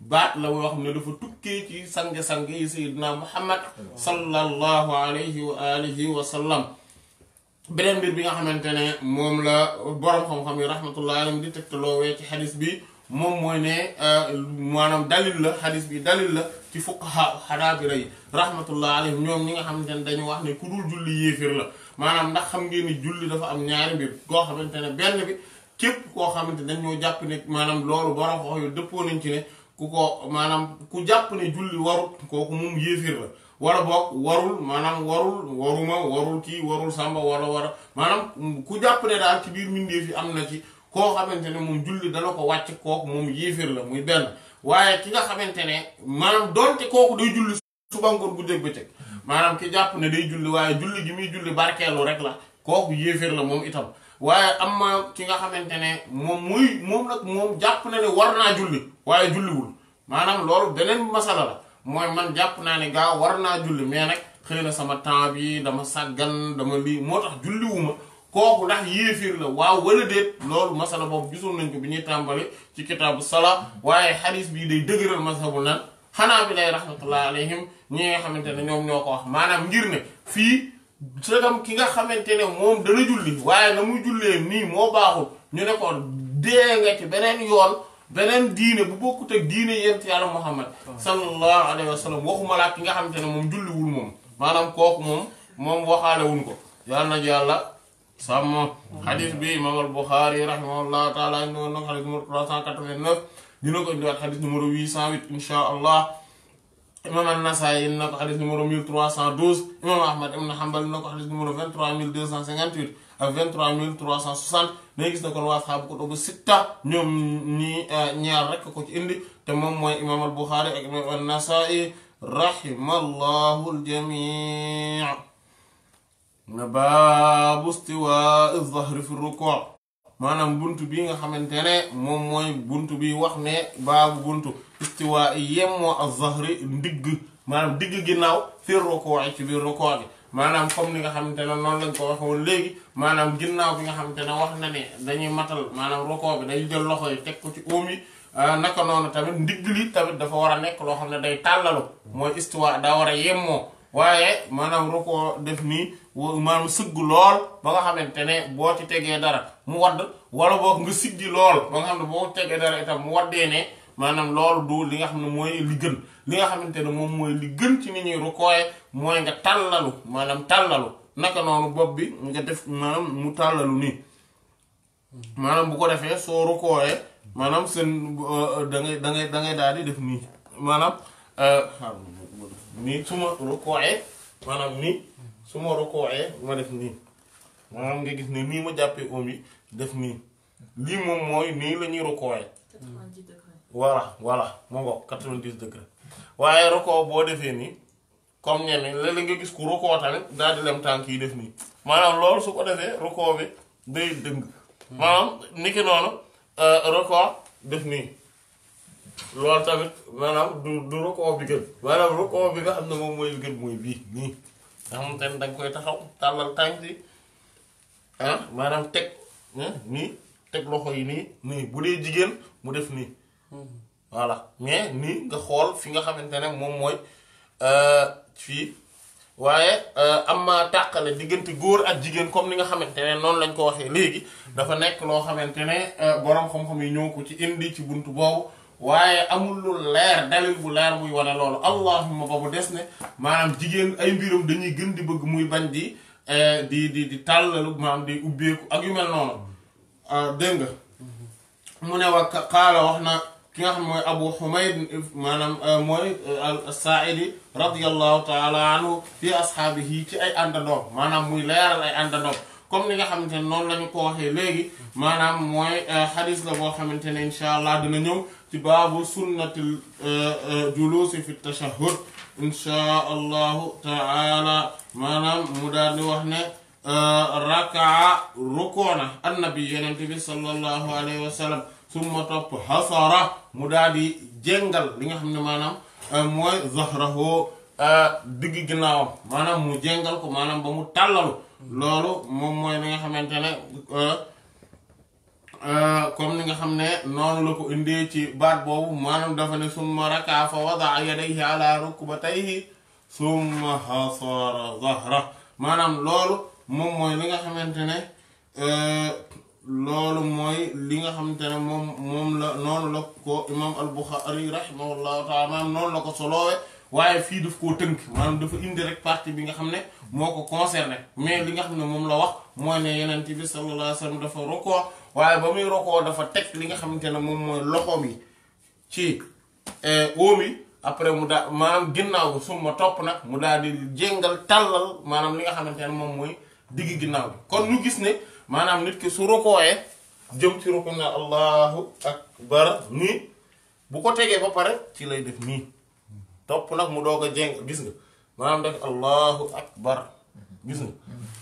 Speaker 2: baat la woo xam ne dafa tukkee ci sang-sang yi sayidina muhammad sallallahu alayhi wa alihi wa sallam beneen mbir bi nga xamante ne moom la borom xam-xam yi rahmatullahi alayhim di tegtaloowee ci xadis bi moom mooy ne maanaam dalil la xadis bi dalil la ci fuqaha xanaabira yi rahmatullahi alayhim ñoom ñi nga xamante ne dañu wax ne ku dul julli yéefir la maanaam ndax xam ngeen ni julli dafa am ñaari mbir goo xamante ne benn bi képp koo xamante dañoo jàpp ne maanaam loolu borom wax yu dëppoo nañ ci ne ku ko maanaam ku jàpp ne julli warut kooku moom yéefir la wala boog warul maanaam warul waruma warul kii warul sàmba wala wara maanaam ku jàpp ne daal ci biir mbindeef am na ci koo xamante ne moom julli dala wàcc kooku moom yéefir la muy benn ki nga xamante ne maanaam doonte kooku day julli suba ngoon guddeeg bëccëg maanaam ki jàpp na day julli waaye julli gi muy julli barkeelu rek la kooku yéefir la moom itam waaye am ma ki nga xamante ne moom muy moom nag moom jàpp na ne war naa julli waaye julliwul maanaam loolu beneen masala la mooy man jàpp naa ne gaa war naa julli mais nag xëy na sama temps bi dama sàggan dama lii moo tax julliwuma kooku ndax yéefiir la waaw wala déet loolu masala boobu gisoon nañ ko bi ñuy tàmbali ci kitaabu salaa waaye xadiis bii day dëgëral masabu nan xanaa bi lay rahmatullah alayhim ñi nga xamante ne ñoom ñoo ko wax maanaam ngir ne fii sëgam ki nga xamante ne moom dana julli waaye na muy jullee nii moo baaxul ñu ne ko dee nga ci beneen yoon beneen diine bu bokkut ak diine yent yàlla muhammad sallallahu alayhi wa sallam waxuma laa ki nga xamante ne moom julliwul moom maanaam kooku moom moom waxaale wuñ ko yàlla na yàlla sàmm xadis bi imam al Buxaari rahimahullah taala indi woon na xadis numéro 389 dina ko indiwaat xadis numéro 808 insha allah imam an-Nasaa'i na ko xadis numéro 1312 imam ahmad ibn Hanbal na ko xadis numéro 23258 ak 23360 dañuy gis ne kon waa saxaabu kutubu sitta a ñii euh, ñaar rekk ko ci indi te moom mooy imam al Buxaari ak imam an-Nasaa'i rahimallahu al-jamii na baabu istiwaa az-zahri fi rukuu maanaam buntu bi nga xamante ne moom mooy buntu bi wax ne baabu buntu istiwaa yi yemmoo az-zahri ndigg maanaam digg ginnaaw fi rukuu ci biir rukuu bi maanaam comme ni nga xamante ne noonu lañ ko waxee woon léegi maanaam ginnaaw bi nga xamante ne wax na ne dañuy matal maanaam rukuu bi dañuy jël loxo yi teg ko ci óom yi ah, naka noonu tamit ndigg li tamit dafa war a nekk loo xam ne day tàllalu mooy istiwaa daa war a yemmoo waaye maanaam rukoo def nii maanaam sëgg lool ba nga xamante ne boo ci tegee dara mu wadd wala boo nga siggi lool ba xam ne boo tegee dara itam mu waddee ne maanaam loolu du li nga xam ne mooy li li nga xamante ne moom mooy li gën ci ni ñuy rukkooye mooy nga tàllalu maanaam tàllalu naka noonu bopp bi nga def maanaam mu tàllalu nii maanaam bu ko defee soo rukkooye maanaam seen euh, da ngay da daal di def nii maanaam euh, nii su ma rukkooye maanaam nii su ma rukkooye ma def nii maanaam nga gis ne nii ma jàppee oom yi def nii lii moom mooy nii la ñuy rukkooye voilà voilà moo ngoog 90 degré waaye roko boo defee nii comme ñenn léeg-léeg nga gis ku roko tamit daal di lem tànk yi def nii maanaam loolu su ko roko bi day dëng maanaam euh, def nii loolu tamit maanaam du du roko bi gën maanaam roko bi nga xam ne moom mooy bi gën mooy bii nii nga xamante ne da koy taxaw tàllal tànk yi ah, maanaam teg ah, nii teg loxo yi nii nii bu dee jigéen mu def nii voilà mais nii nga xool fi nga xamante ne moom mooy euh, fii waaye euh, am ma tàqale diggante góor ak jigéen comme ni nga xamante ne noonu lañ ko waxee léegi dafa nekk loo xamante ne euh, boroom xam-xam yi ñoo ko ci indi ci buntu boobu waaye amul lu leer dalil bu leer muy wane loolu allahumma ba bu des ne maanaam jigéen ay mbiram dañuy gën di bëgg muy bañ di di di di tàllalu maanaam di ubbeeku ak yu mel noonu dégg mm-hmm. mu ne wa qaala wax na ki nga xam mooy abu xumayd maanaam mooy as-saaidi radiyallahu taala anhu fi ashaabihi ci ay àndandoom maanaam muy leeral ay àndandoom comme ni nga xamante ne noonu la ñu ko waxee léegi maanaam mooy xadis la boo xamante ne incha allah dina ñëw ci baabu sunnatil juluusi fi tashahhud inchaa allahu taala maanaam mu daal di wax ne rakaa rukoona annabi yenente bi sallallahu alayhi wa sallam summa topp hasara mu daal di jëngal li nga xam ne maanaam euh, mooy zahrahu euh, digg ginnaawam maanaam mu jengal ko maanaam ba mu tàllalu loolu moom mooy li nga xamante ne euh, comme li nga xam ne noonu la ko indee ci baat boobu maanaam dafa ne summa raka fa wadaa yadayhi ala rukbatayhi summa hasara zahra maanaam loolu moom mooy li nga xamante ne loolu mooy li nga xamante ne moom moom la noonu la ko imaam al-Bukhari rahimahullahu taala maanaam noonu la ko soloowe waaye fii daf koo tënk maanaam dafa indi rek partie bi nga xam ne moo ko mais li nga xam ne moom la wax mooy ne yeneen bi sallallahu alayhi wa sallam dafa rokoo waaye ba muy rokoo dafa teg li nga xamante ne moom mooy loxoom yi ci oom eh, après mu daa maanaam ginnaaw bi suma topp nag mu daal di jëngal tàllal maanaam li nga xamante ne moom mooy digg ginnaaw bi kon ñu gis ne maanaam nit ki su rukooyee jëm ci ruku na allahu akbar nii bu ko tegee ba pare ci lay def nii topp nag mu doog a jéng gis nga maanaam def allahu akbar gis nga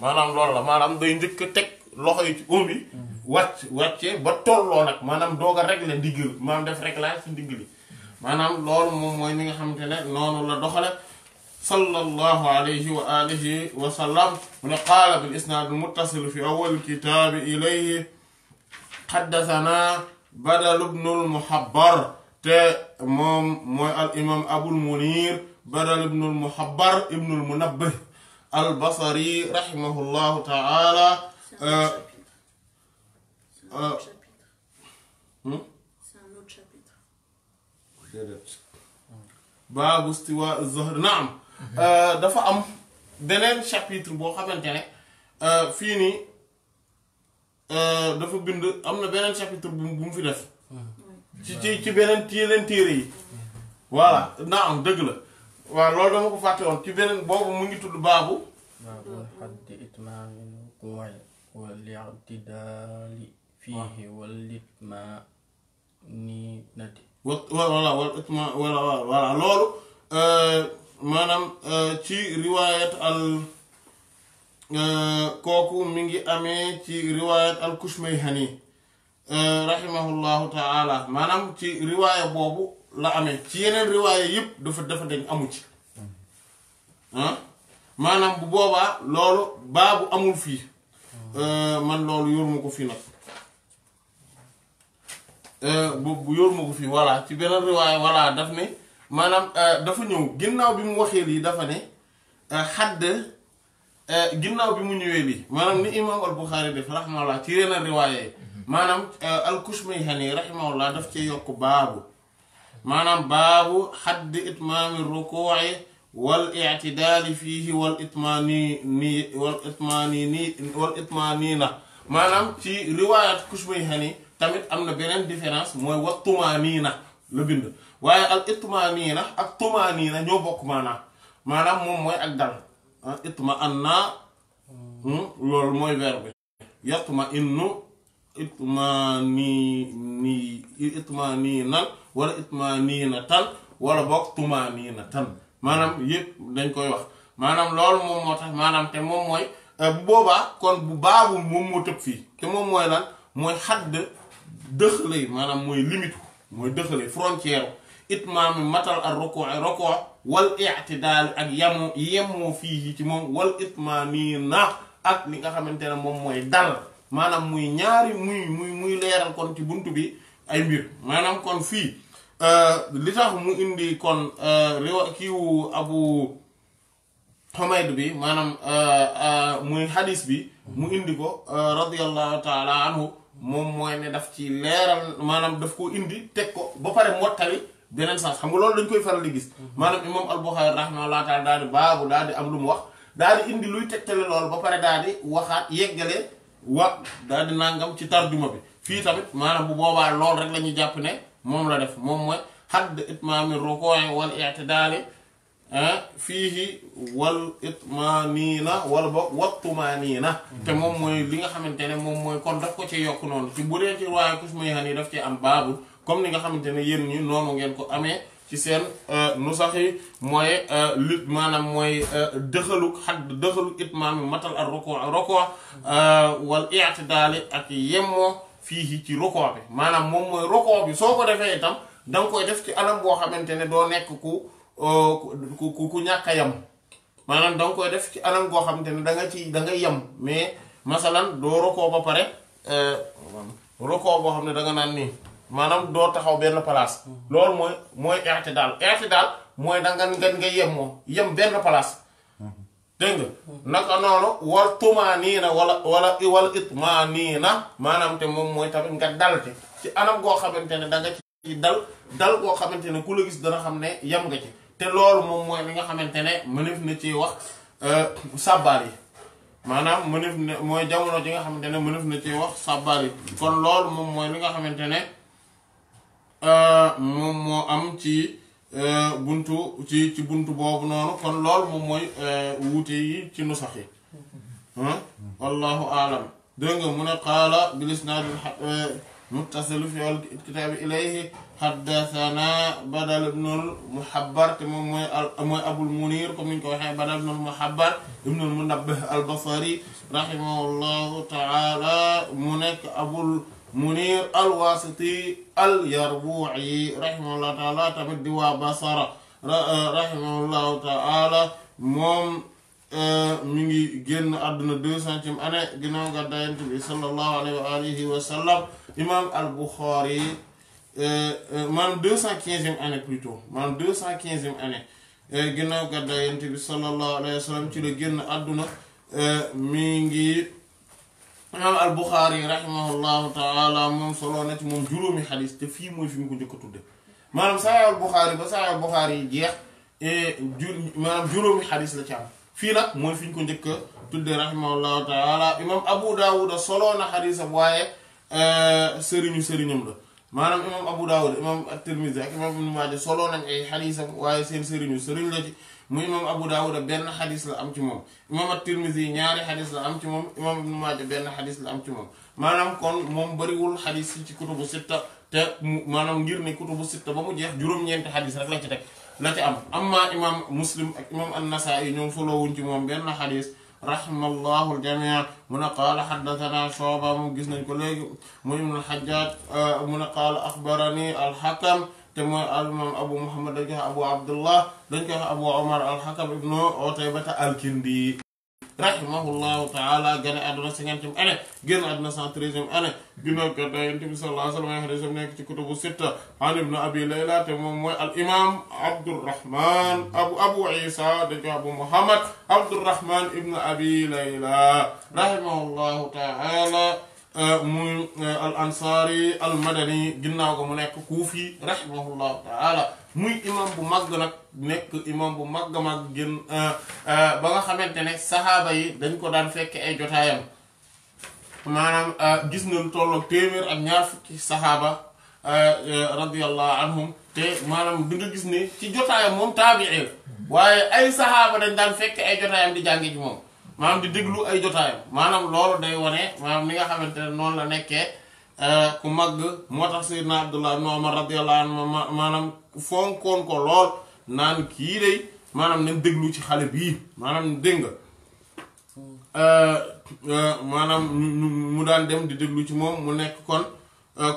Speaker 2: maanaam loolu la maanaam day njëkk a teg loxo yi ci óom um yi wàcc wàcce ba tolloo nag maanaam doog a régler ndigg li def réglage ci ndigg li maanaam lool moom mooy ni nga xamante ne noonu la doxale صلى الله عليه وآله وسلم قال بالإسناد المتصل في أول الكتاب إليه حدثنا بدل بن المحبر تمام الإمام أبو المنير بدل بن المحبر ابن المنبه البصري رحمه الله تعالى باب استواء الزهر نعم dafa am beneen chapitre boo xamante ne fii nii dafa bind am na beneen chapitre bu mu fi def. ci ci ci beneen yeneen téere yi. voilà naa am dëgg la waaw loolu dama ko fàtte woon ci beneen boobu mu ngi tudd baabu.
Speaker 1: baabu xaddi itmaamin quway
Speaker 2: wal i'tidaali loolu. maanaam euh, ci riwaayat al euh, kooku mi ngi amee ci riwaayat al kushmayhani euh, rahimahullahu taala maanaam ci riwaaya boobu la amee ci yeneen riwaaya yëpp dafa dafa dañ amu ci maanaam bu boobaa loolu baabu amul fii man loolu yoruma ko fii nag bu yoruma ko fii voilà ci beneen riwaaya voilà daf ne manam dafa ñëw ginnaw bi mu waxe li dafa ne hadd ginnaw bi mu ñewé li manam ni imam al bukhari def rahimahullah ci reena riwaye manam al Kushmayhani rahimahullah daf ci yok babu manam babu hadd itmam ar rukuuci wal itidal fihi wal itmani nii wal itmani nii wal itmaaniina manam ci riwaayat Kushmayhani tamit amna benen différence moy wa tumaaniina la bind waye al itmanina ak tumanina ño bok mana manam mom moy ak dal itma an naa loolu mooy verbe yatma innu ni itmanina wala itmanina itmaaniinatan wala bok tumanina tan manam yep dañ koy wax manam lol mom motax manam te mom moy bu boba kon bu babu mom mo tepp fi te mom moy lan moy hadd dexlay manam moy limite moy dexlay frontière itmaamu matal ak roko roko wal ictidaal ak yamu yemmoo fii ci moom wal itmaaniina ak li nga xamante ne moom mooy dal maanaam muy ñaari muy muy muy leeral kon ci bunt bi ay mbir maanaam kon fii euh, li mu indi kon euh, riwa kiiwu abu Humayd bi maanaam euh, muy hadis bi mu indi ko radiyallahu taala anhu moom mooy ne daf ci leeral maanaam daf ko indi teg ko ba pare mottali beneen sens xam nga loolu dañ koy faral di gis. maanaam imam al-Bukhari rahmatullahi taala daal di baabu daal di am lu mu wax daal di indi luy tegtale loolu ba pare daal di waxaat yeggale wa daal di nangam ci tarjuma bi fii tamit maanaam bu boobaa loolu rek la ñuy jàpp ne moom la def moom mooy xadd itmaami rukuu wal i'tidaali ah, fiihi wal itmaaniina wala ba wattumaaniina te moom mooy li nga xamante ne moom mooy kon daf ko ci yokk noonu ci bu dee ci waaye kus muy xan yi daf ci am baabul comme ni nga xamante ne yéen ñi noonu ngeen ko amee ci seen euh, nu sax yi mooy euh, lut maanaam mooy euh, dëxaluk xat dëxaluk itmaam yi matal ak roko roko wal i'tidaali ak yemmoo fii ci roko bi maanaam moom mooy bi soo ko defee itam da nga koy def ci anam boo xamante ne doo nekk ku ku ñàkk a yem maanaam da nga koy def ci anam goo xamante ne danga ci da nga yem mais masalan doo roko ba pare roko boo xam ne danga nga naan nii maanaam doo taxaw benn place mm-hmm. loolu mooy mooy daal i'tidaal mooy da nga nga nga yem moom yem benn place mm-hmm. dégg nga mm-hmm. naka noonu war tumaaniina wala wala nii itmaaniina maanaam te moom mooy tamit nga dal te ci anam goo xamante ne da nga ci dal dal goo xamante ne ku la gis dana xam ne yem nga ci te loolu moom mooy li nga xamante ne mënef na ci wax euh, sabar yi maanaam mënef na mooy jamono ji nga xamante ne mënef na ci wax sàbbaar yi kon loolu moom mooy li nga xamante ne moom moo am ci buntu ci ci buntu boobu noonu kon lool moom mooy wuute yi ci nusax yi wallahu aalam dégg nga mu ne qaala bil isnaadil muttasil fi al-kitaab ilayhi haddathana Badal ibn al-Muhabbar te moom mooy mooy Abul Munir comme niñ ko waxee Badal ibn al-Muhabbar ibn al-Munabbih al-Basri rahimahullahu ta'ala mu nekk Abul munir alwasiti alyarbuuci rahimahullahu taala tamit di waa basara eh, rahimahullahu taala moom eh, mi ngi génn àdduna deux centième année ginnaaw gàddaay Yonent bi sallallahu alayhi wa alihi wa al Buxaari eh, maanaam deux cent quinzième année plutôt maanaam deux cent quinzième année ginnaaw gàddaay bi sallallahu alayhi wa ci la génn àdduna mi ngi imaam al Buxaari rahimahullahu taala moom solo na ci moom juróomi xadis te fii mooy fi mu ko njëkk a tudde maanaam saxiix al Buxaari ba saxiix al Buxaari yi jeex ju maanaam juróomi xadis la ci am fii nag mooy fi ñu ko njëkk a tudde rahimahullahu taala imaam Abu Daawuda solo na xadisam waaye sëriñu sëriñam la maanaam imaam Abu Daawuda imaam at-Tirmidhi ak imaam Ibn Maaja solo nañ ay xadisam waaye seen sëriñu sëriñ la ci. mu imaam Abu Daawuda benn xadis la am ci moom imaam at-Tirmisi ñaari xadis la am ci moom imaam Ibnu Maaja benn xadis la am ci moom maanaam kon moom bëriwul xadis yi ci kutubu sitta te maanaam ngir ne kutubu sitta ba mu jeex juróom-ñeenti xadis rek la ci teg la ci am amma imaam Muslim ak imaam an-Nasaa'i ñoom solowuñ ci moom benn xadis rahimallahu al-jamii a ne qaala haddathana Shu'ba moom gis nañ ko léegi mu ibnu al-Hajjaaj mu a qaala axbarani al-Hakam te mooy alimam abu muhammad dañ koy wax abu abdullah dañ koy wax abu omar alxakam ibnu otaybata alkindi rahimahullahu taala gane àdduna cinquantième année génn àdduna cent treizième année ginnaaw gàddaay Yonent bi sallallahu alayhi wa sallam ay hadiisam nekk ci kutubu sitta an ibnu abi layla te moom mooy al imam abdurrahman abu abu isa dañ ko abu muhammad abdurrahman ibnu abi layla rahimahullahu taala Euh, muy euh, al ansaari al ginnaaw ko mu nekk kuufi rahimahullahu taala muy imam bu màgg nag nekk imam bu màgg a màgg gën euh, ba nga xamante ne saxaaba yi dañ ko daan fekke ay jotaayam maanaam gis nañu tolloog téeméer ak ñaar fukki saxaaba radiyallahu anhum te maanaam bi nga gis ni ci jotaayam moom taabii la waaye ay saxaaba dañ daan fekkee ay jotaayam di jànge ci moom maanaam di déglu ay jotaayam maanaam loolu day wane maanaam ni nga xamante ne noonu la nekkee euh, ku màgg moo tax Seydina Abdullah ibn Umar radiyallahu anhu maanaam fonkoon ko lool naan kii day maanaam nañ déglu ci xale bii maanaam dégg nga hmm. euh, euh, maanaam mu daan dem di déglu ci moom mu nekk kon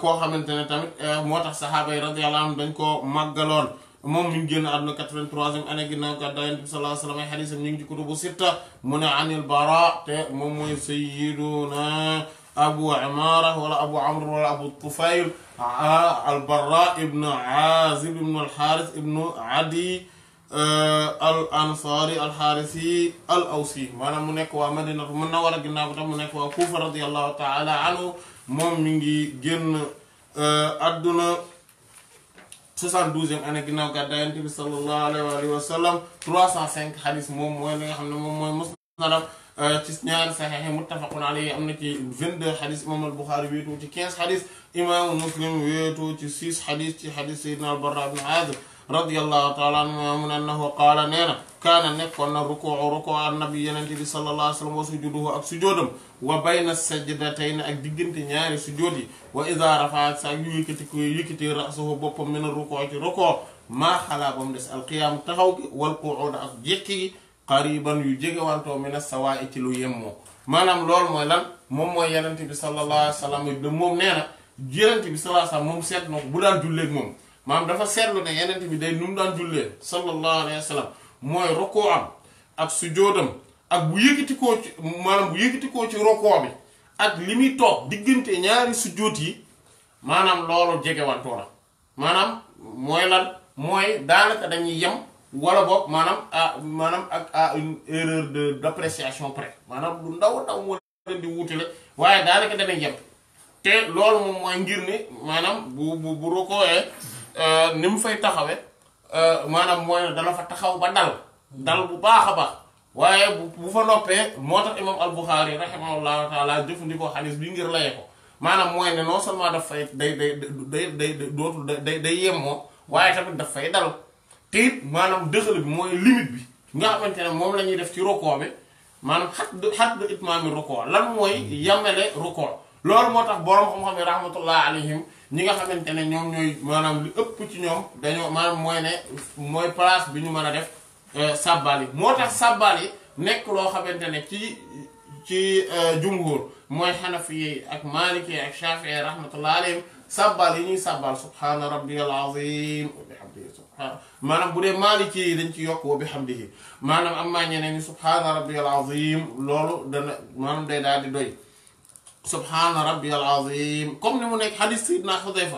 Speaker 2: koo xamante ne tamit moo tax saxaaba yi radiyallahu anhu dañ koo màggaloon moom mi ngi génn àdduna 83e année ginnaaw gàddaay Yonent bi sallallahu alayhi wa sallam ay xadiisam ñu ngi ci kutubu sitta mu ne anil bara te moom mooy sayyiduna abu imaara wala abu amr wala abu tufayl al bara ibnu aazib ibnu al xaaris ibnu adi al ansaari al xaarisi al awsi maanaam mu nekk waa madinatu munawwara ginnaaw bi tam mu nekk waa kuufa radiyallahu taala anhu moom mi ngi génn àdduna 72e ane ginnaw gadda yonent bi sallallahu alayhi wa sallam 305 hadith mom moy li nga xamne mom moy mooy musnadam ci ñaar sahih muttafaqun alayhi amna ci 22 hadith mom al bukhari wetu ci 15 hadith imam Muslim wetu ci 6 hadith ci hadith Seydina al Barra bin Aazib radiyallahu taala anhu maamun annahu qaala nee na kaana nekkoon na rukuucu rukuuc annabi yenente bi sallallahu alayhi wa sallam yi wa ida rafaa sa ak yu yëkkati ko yëkkati rasahu boppam min rukuuc ba mu des alqiyaam taxaw gi maanaam loolu mooy moom mooy yenente bi sallallahu alayhi moom seet na bu daan julleeg moom maam dafa seetlu ne yeneen bi day nu mu daan jullee sallallahu alayhi wa sallam mooy rokoo am ak sujoodam ak bu yëkkatikoo ci maanaam bu yëkkatikoo ci rokoo bi ak li muy toog diggante ñaari sujood yi maanaam loolu jegewantoo la maanaam mooy lan mooy daanaka dañuy yem wala boog maanaam ah, maanaam ak à ah, une erreur de d'appréciation près maanaam lu ndaw ndaw moo leen di wuutale waaye daanaka danañ yem te loolu moom mooy ngir ne maanaam bu bu bu rokooyee Euh, ni mu fay taxawe euh, maanaam mooy ne dana fa taxaw ba dal dal bu baax a baax waaye bu fa noppee moo tax imam al-Bukhari rahimahullahu taala jëfandikoo xadis bi ngir laye ko maanaam mooy ne non seulement daf fay day day day day dootul day day yemmoo waaye tamit daf fay dal te it maanaam dëxal bi mooy limite bi nga xamante ne moom la ñuy def ci rokoo bi maanaam xat xat itmaami rokoo lan mooy yamele rokoo loolu moo tax boroom xam-xam rahmatullah alayhim ñi nga xamante ne ñoom ñooy maanaam li ëpp ci ñoom dañoo maanaam mooy ne mooy place bi ñu mën a def euh, sàbbaal yi moo tax sàbbaal nekk loo xamante ne ci ci euh, jumhur mooy xanafi ak maliki ak shafii rahmatullah alayhim sàbbaal yi ñuy sàbbaal subhaana rabbiyal azim maanaam bu dee maliki yi dañ ci yokk wa bihamdihi maanaam am maa ñeneen ñi subhaana rabbiyal azim loolu dana maanaam day daal di doy subhaana rabbi al azim comme ni mu nekk xadis sidna xudayfa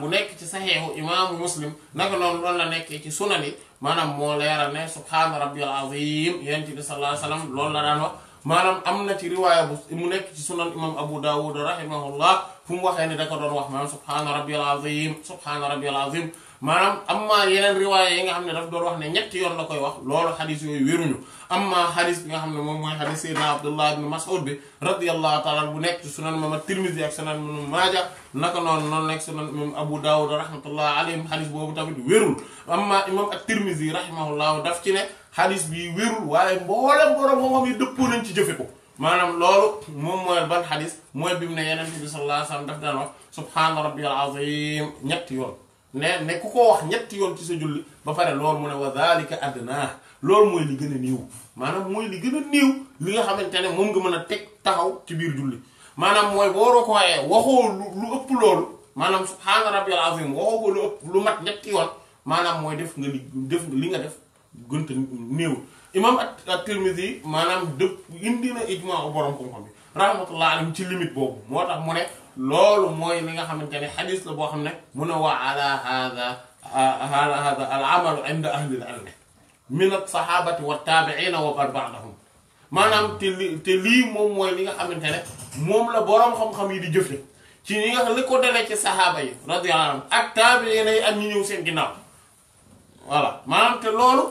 Speaker 2: bu nekk ci saxeexu imaamu muslim naka noonu loolu la nekk ci sunan yi maanaam moo leeral ne subhaana rabbi al azim yonent bi sallallahu alayhi wa am na ci riwaaya bu mu nekk ci sunan imam abu daawud rahimahullah fu mu waxee ne da doon wax maanaam subhaana rabbi al subhaana rabbi al maanaam amma yeneen riwaaya yi nga xam ne daf doon wax ne ñetti yoon la koy wax loolu xadis yooyu wéruñu amma xadis bi nga xam ne moom mooy xadis sayyidina abdullah ibn mas'ud bi radiyallahu taala bu nekk ci sunan moom at-tirmidhi ak sunan moom maaja naka noonu noonu nekk sunan moom abu dawud rahmatullah alayhim xadis boobu tamit wérul amma imam at-tirmidhi rahimahullahu daf ci ne xadis bi wérul waaye mboolem borom xam-xam yi dëppoo nañ ci jëfe ko maanaam moom mooy ban xadis mooy bi mu ne yeneen bi sallallahu alayhi wa sallam daf daan wax subhaana yoon ne ne ku ko wax ñetti yoon ci sa julli ba pare loolu mu ne wa zalika adna loolu mooy li gën a néew maanaam mooy li gën a niiw li nga xamante ne moom nga mën a teg taxaw ci biir julli maanaam mooy boo rokkooyee waxoo lu ëpp loolu maanaam subhaana rabbiyal azim waxoo ko lu ëpp ñetti yoon maanaam mooy def nga li def li nga def gënt néew imam at-Tirmidhi maanaam dëpp indi na ijmaa borom xam-xam bi rahmatullah ci limite boobu moo tax mu ne loolu mooy li nga xamante ne xadis la boo xam ne mun a waa ala hada ala hada al amalu inda ahlil ilmi min al sahabati wa taabiina wa man ba'dahum maanaam te li te lii moom mooy li nga xamante ne moom la boroom xam-xam yi di jëfe ci ñi nga xam li ko dalee ci sahaaba yi radiyallahu anhum ak taabiina yi ak ñu ñëw seen ginnaaw voilà maanaam te loolu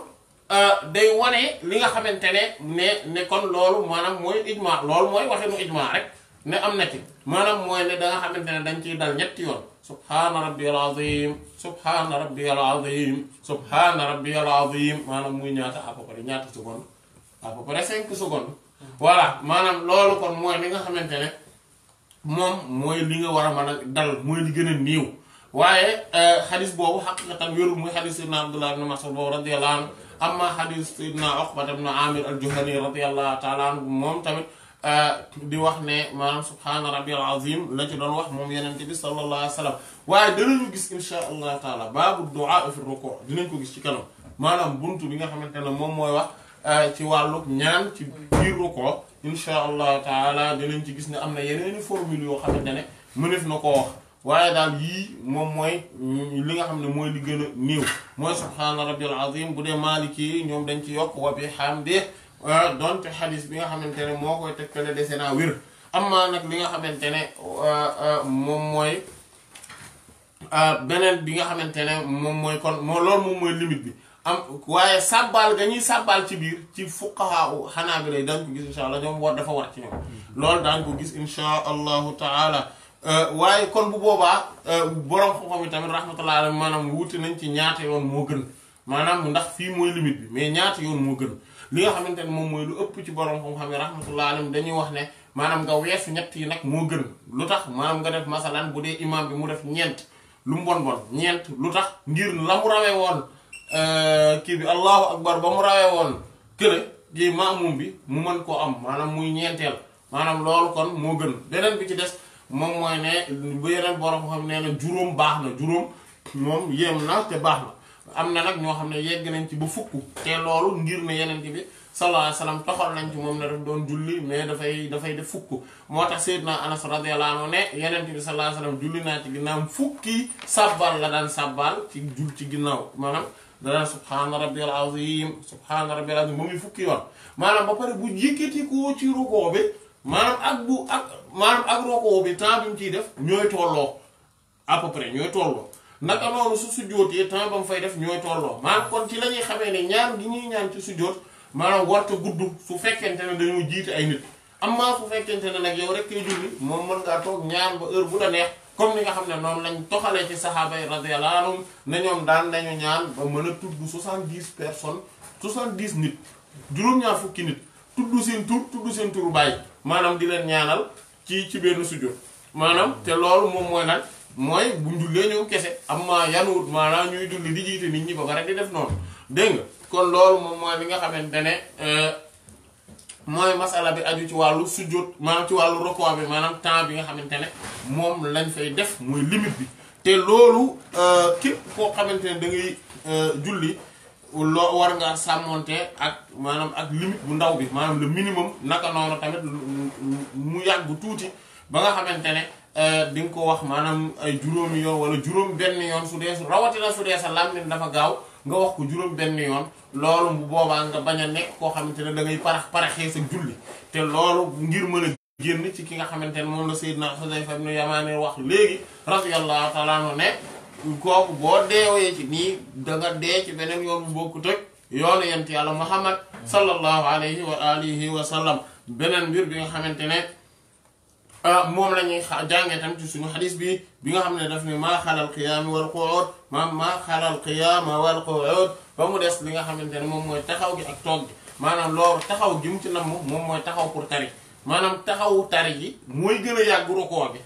Speaker 2: day wane li nga xamante ne ne ne kon loolu maanaam mooy ijma loolu mooy waxinu ijma rek ne am ci manam moy ne da nga xamantene dañ ci dal ñetti yoon subhana rabbiyal azim subhana rabbiyal azim subhana rabbiyal azim manam muy ñaata a peu près ñaata seconde a peu près cinq secondes voilà manam lolu kon moy li nga xamantene mom moy li nga wara a dal moy li gëna niw waye hadith euh, bobu haqiqatan xaqiqatan moy hadith ibn abdullah ibn mas'ud radhiyallahu anhu amma hadith ibn uqbata ibn amir al juhani radhiyallahu taala mom tamit di wax ne manam subhan rabbil azim la ci doon wax moom yenente bi sallallahu alayhi wasallam waye waaye dinañu gis insha allah taala babu du'a fi ruku' dinañ ko gis ci kanam manam buntu bi nga xamantene mom moy wax ci walu ñaan ci bir ruku' insha allah taala dinañ ci gis ne amna yeneen formule yo xamantene ne nako wax waye dal yi mom moy li nga xamne moy li gën niw moy subhan rabbil azim bu dee maaliki ñoom dañ ci yok wa bi hamdih donte xadis bi nga xamante ne moo koy tegtale dese naa wér amma nag li nga xamante ne moom mooy beneen bi nga xamante ne moom mooy kon moo loolu moom mooy limite bi am waaye sàbbaal ga ñuy sàbbaal ci biir ci fuqahaa u xanaa bi lay daañ ko gis insha allah ñoom war dafa war ci ñoom lool daañ ko gis insha allahu taala waaye kon bu boobaa borom xam-xam yi tamit rahmatullah alayhi maanaam wuute nañ ci ñaata yoon moo gën maanaam ndax fii mooy limite bi mais ñaata yoon moo gën li nga xamante ne moom mooy lu ëpp ci borom xam-xam yi rahmatullah alayhim dañuy wax ne maanaam nga weesu ñett yi nag moo gën lu tax maanaam nga def masalan bu dee imaam bi mu def ñeent lu mu bon bon ñeent lu tax ngir la mu rawee woon euh, kii bi allahu akbar ba mu rawee woon kële di bi mu mën koo am maanaam muy ñeenteel maanaam loolu kon moo gën beneen bi ci des moom mooy ne bu yeneen borom xam ne na juróom baax na juróom moom yéem na te baax na am na nag ñoo xam ne yegg nañ ci ba fukk te loolu ngir ne yeneen bi salaa salaam wasallam nañ ci moom ne daf doon julli mais dafay dafay def fukk moo tax Seydina Anas radiyallahu anhu ne yeneen bi sallallahu alayhi wasallam julli naa ci ginnaaw fukki sabbal la daan sabbal ci jul ci ginnaaw maanaam da daan subhaana rabbil azim subhaana rabbil azim mu ngi fukki yoon maanaam ba pare bu yëkkati ko ci rukoo bi maanaam ak bu ak maanaam ak rukoo bi temps mu ciy def ñooy tolloo naka noonu su sujjóot yi temps ba mu fay def ñooy tolloo maanaam kon ci la ñuy xamee ne ñaan gi ñuy ñaan ci sujjóot maanaam warta gudd su fekkente ne dañoo jiite ay nit amma su fekkente ne nag yow rek koy julli moom mën ngaa toog ñaan ba heure bu la neex comme ni nga xam ne noonu lañ toxalee ci saxaaba yi radiyallahu anhum ne ñoom daan nañu ñaan ba mën a tudd soixante-dix personnes soixante-dix nit juróom-ñaar fukki nit tudd seen tur tudd seen turu bàyyi maanaam di leen ñaanal ci ci benn sujjóot maanaam te loolu moom mooy mooy bu jullee ñëw kese am maa yanuut maanaam ñuy julli di jiite nit ñi ba rek di def noonu dégg nga kon loolu moom mooy li nga xamante ne euh, mooy masala bi aju ci wàllu sujjóot maanaam ci wàllu rokoo bi maanaam temps bi nga xamante ne moom lañ fay def muy limite bi te loolu euh, képp koo xamante ne da ngay euh, julli loo war nga sàmmonte ak maanaam ak limite bu ndaw bi maanaam le minimum naka noonu tamit mu yàgg bu tuuti ba nga xamante ne Euh, di nga ko wax maanaam ay euh, juróomi yoon wala juróom benn yoon su dee rawatina su dee sa làmmiñ dafa gaaw nga wax ko juróom benn yoon loolu bu boobaa nga bañ a nekk koo xamante ne da ngay parax paraxee sa julli te loolu ngir mën ci ki nga xamante ne moom la Seydina Xudayfa ibn Yamaan wax léegi radiyallahu taala anhu ne kooku boo deewee ci nii da dee ci beneen yoon bu bokkut ak yoonu yent yàlla Muhammad sallallahu alayhi wa alihi wa beneen mbir bi nga xamante ne Ah, moom la ñuy jàngee tamit ci suñu xadis bi bi nga xam ne daf ne maa xalal qiyaam wal qu'uud maam maa xalal qiyaam wal qu'uud ba mu des li nga xamante ne moom mooy taxaw gi ak toog gi taxaw gi mu moom mooy taxaw pour tari maanaam taxawu tari gi mooy gën a yàgg rukoo bi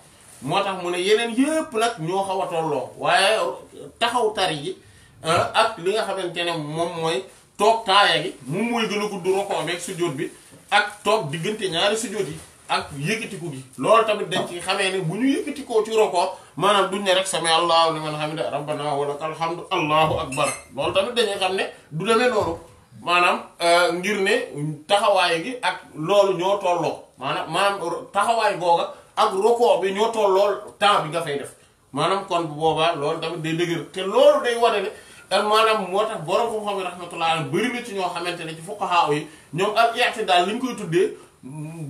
Speaker 2: moo tax mu ne yeneen yépp nag ñoo xaw a tolloo waaye taxaw tari gi ah, ak li nga xamante ne moom mooy toog taaya gi moom mooy gën a gudd rukoo bi ak sujjóot bi ak toog diggante ñaari sujjóot yi ak yëkkatiku bi loolu tamit dañ ci xamee ne bu ñu yëkkatikoo ci rokoo maanaam duñ ne rek sami allahu liman hamida rabbana wa lakal hamdu allahu akbar loolu tamit dañuy xam ne du demee noonu maanaam euh, ngir ne taxawaay gi ak loolu ñoo tolloo maanaam maanaam taxawaay googa ak rokoo bi ñoo tolloo temps bi nga fay def maanaam kon bu boobaa loolu tamit day dëgër te loolu day wane ne euh, maanaam moo tax borom xam-xam yi rahmatullah bari na ci ñoo xamante ne ci fuqaha yi ñoom ak al i'tidal li ñu koy tuddee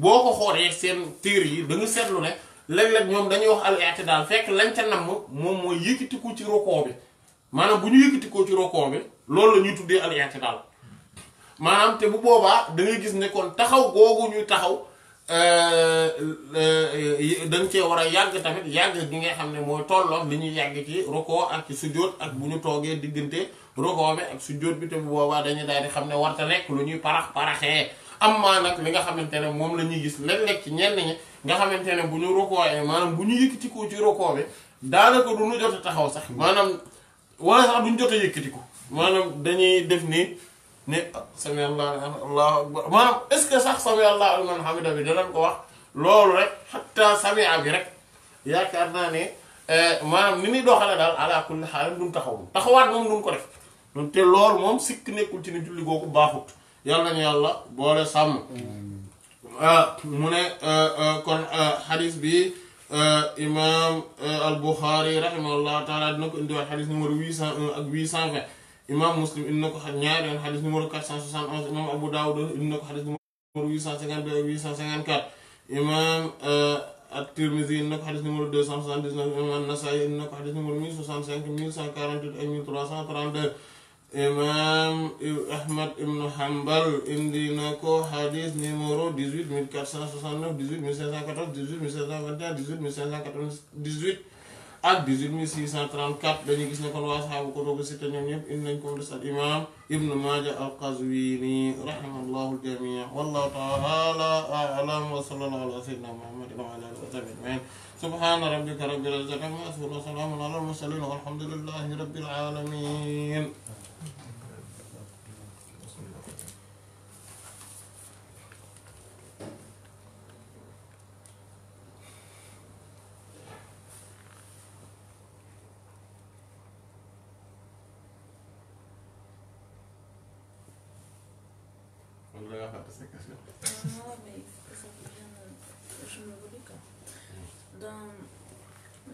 Speaker 2: boo ko xoolee seen téere yi da seetlu ne léeg-léeg ñoom dañuy wax al-i'tidaal fekk lañ ca namm moom mooy yëkkatiku ci rokoo bi maanaam bu ñu yëkkatikoo ci rokoo bi loolu la ñuy tuddee al-i'tidaal maanaam te bu boobaa da ngay gis ne kon taxaw googu ñuy taxaw euh, euh, dañ cee war a yàgg tamit yàgg gi nga xam ne mooy tolloog li ñuy yàgg ci rokoo ak sujjóot ak bu ñu toogee diggante rokoo bi ak sujjóot bi te bu boobaa dañuy daal di xam ne warta nekk lu ñuy parax paraxee. am maa nag li nga xamante ne moom la ñuy gis léeg-léeg ci ñenn ñi nga xamante ne bu ñu rokooyee maanaam bu ñu yëkkati ci rokoo bi daanaka du ñu jot a taxaw sax maanaam wala sax du ñu jot a yëkkati ko dañuy def nii ne ah, sami allah allahu akbar maanaam est ce que sax sami allah liman hamida bi danañ ko wax loolu rek xatta samia bi rek yaakaar naa ne eh, maanaam ni muy doxale daal ala kulli xaalam duñ taxaw taxawaat moom duñ ko def te lool moom sikk nekkul ci ne julli googu baaxut yàlla nañu yàlla boole sàmm ah, mu ne ah, ah, kon xadis bi imam al-Bukhari rahimahullah taala dina ko indiwaat xadis numéro 801 ak 820 imam Muslim indi na ko ñaari yoon xadis numéro 471 imam Abu Dawud indi na ko xadis numéro 852 854 imam at-Tirmidhi indi na ko xadis numéro 279 imam an-Nasa'i indi na ko xadis numéro 1065 1148 ak imaam Ahmad ibn Hanbal indi na ko xadis numéro 18 1469 18 1514 18 1521 18 1598 ak 18 634 dañuy gis ne kon waa saxaabu kutubu sitta ñoom ñëpp indi nañ ko des al imaam ibn Maaja al-Qazwini rahimahullahu al-jamii' wallahu ta'ala a'lam wa sallallahu ala sayyidina Muhammadin wa ala alihi wa sahbihi ajma'in subhana rabbika rabbil izzati amma yasifun wa salamun ala al alamin Non
Speaker 3: mais il faut que je me relis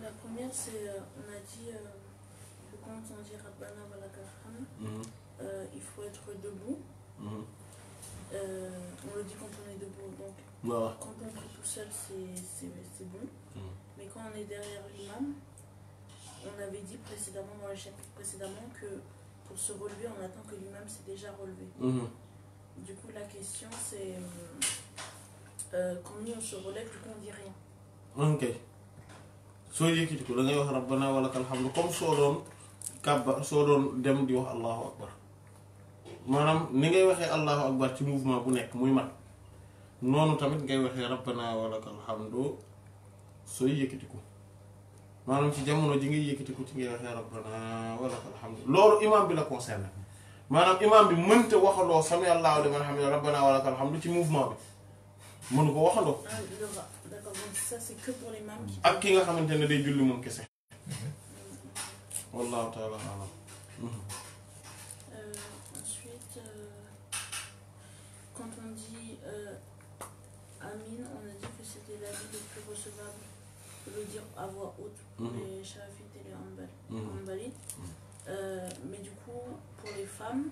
Speaker 3: la première, c'est, euh, on a dit quand euh, on dit Rabbana la mhm. euh, il faut être debout. Mhm. Euh, on le dit quand on est debout, donc quand on est tout seul, c'est bon. Mhm. Mais quand on est derrière l'imam, on avait dit précédemment, dans le chapitre précédemment, que pour se relever, on attend que l'imam s'est déjà relevé. Du coup, la question c'est euh, euh, combien on se relève, du coup on dit rien.
Speaker 2: Ok. soo yëkkati ko da ngay wax rabbana wa lakal comme soo doon kàbba soo doon dem di wax allahu akbar manam ni ngay waxee allahu akbar ci mouvement bu nek muy mat nonu tamit ngay waxee rabbana wa lakal hamdu soo yëkkati ko manam ci jamono ji ngay yekiti ko ci ngay waxee rabbana wa lakal hamdu imam bi la concerne manam imam bi mënta waxaloo sami allahu liman hamida rabbana wa lakal hamdu ci mouvement bi mënu ko waxalo ak ki nga xamantene day julli moom kesse wallahu taala alam
Speaker 3: ensuite quand on dit amin on a dit que c'était la vie le plus recevable de dire à voix haute pour les chafites et les euh, mais du coup pour les femmes,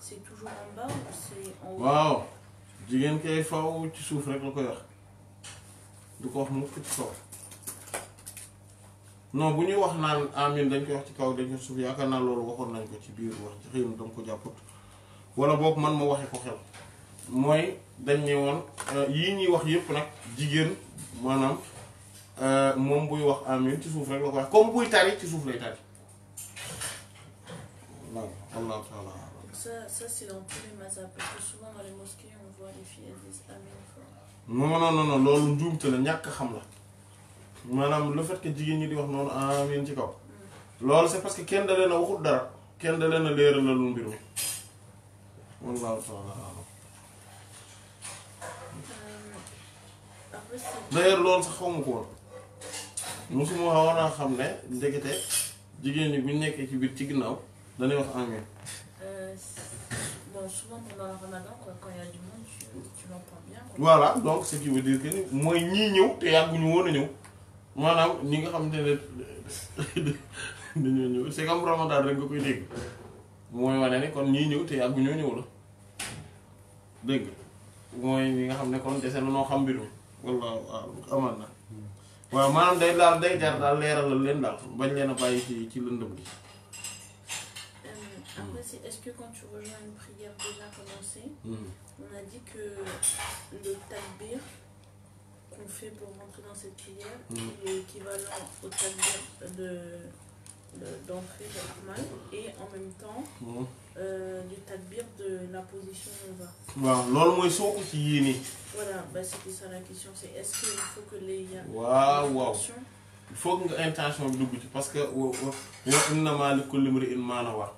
Speaker 3: c'est toujours en bas ou c'est en haut waaw
Speaker 2: jigéen kay faw ci suuf rek la koy wax du ko wax mukk ci kaw non bu ñuy wax naan amin ah, dañ koy wax ci kaw dañ ko suuf yaakaar naa loolu waxoon nañ ko ci biir wax ci xëy na danga ko jàpput wala bok man mo waxe ko xel moy dañ ne woon euh, yii ñuy wax yépp nak jigen manam euh mom buy wax amin ci suuf rek la koy wax comme buy tari ci suuf lay tari
Speaker 3: ça, ça c'est dans tous les parce que souvent dans les mosquées, on voit les filles, disent
Speaker 2: Non, non, non, non, non, non, non, non, non, non, non, le fait que non, non, non, non, non c'est parce que non, non, non, non, non, non, non, non, non, non, non, non, non, non,
Speaker 3: d'ailleurs non, non, non, non, non, non, non, non, non, non, non, non, non, non, Donnez votre angle. Euh, bon, souvent pendant le ramadan, quoi, quand il y a du monde, tu, tu l'entends bien. Quoi. Voilà,
Speaker 2: donc ce qui veut dire que moi, ni nous, t'es à Gounou, nous. Moi, ni nga xam ne dañoo ñëw c'est comme ramadan rek nga koy dégg mooy kon ñii ñëw te yàggu ñoo ñëw la dégg moy ñi nga xam kon dese na xam mbirum wallahu waaw amal na day daal day jar daal leen dal bañ leena bayyi ci ci lëndëm
Speaker 3: Après, c'est est-ce que quand tu rejoins une prière déjà commencée, hmm. on a dit que le tadbir qu'on fait pour rentrer dans cette prière hmm. est équivalent au tadbir de d'entrée de, et en même temps le hmm. euh, de la position où on va. Voilà, bah, c'était ça la question, c'est est-ce qu'il faut que les y
Speaker 2: il faut que intention on dugg parce que wa à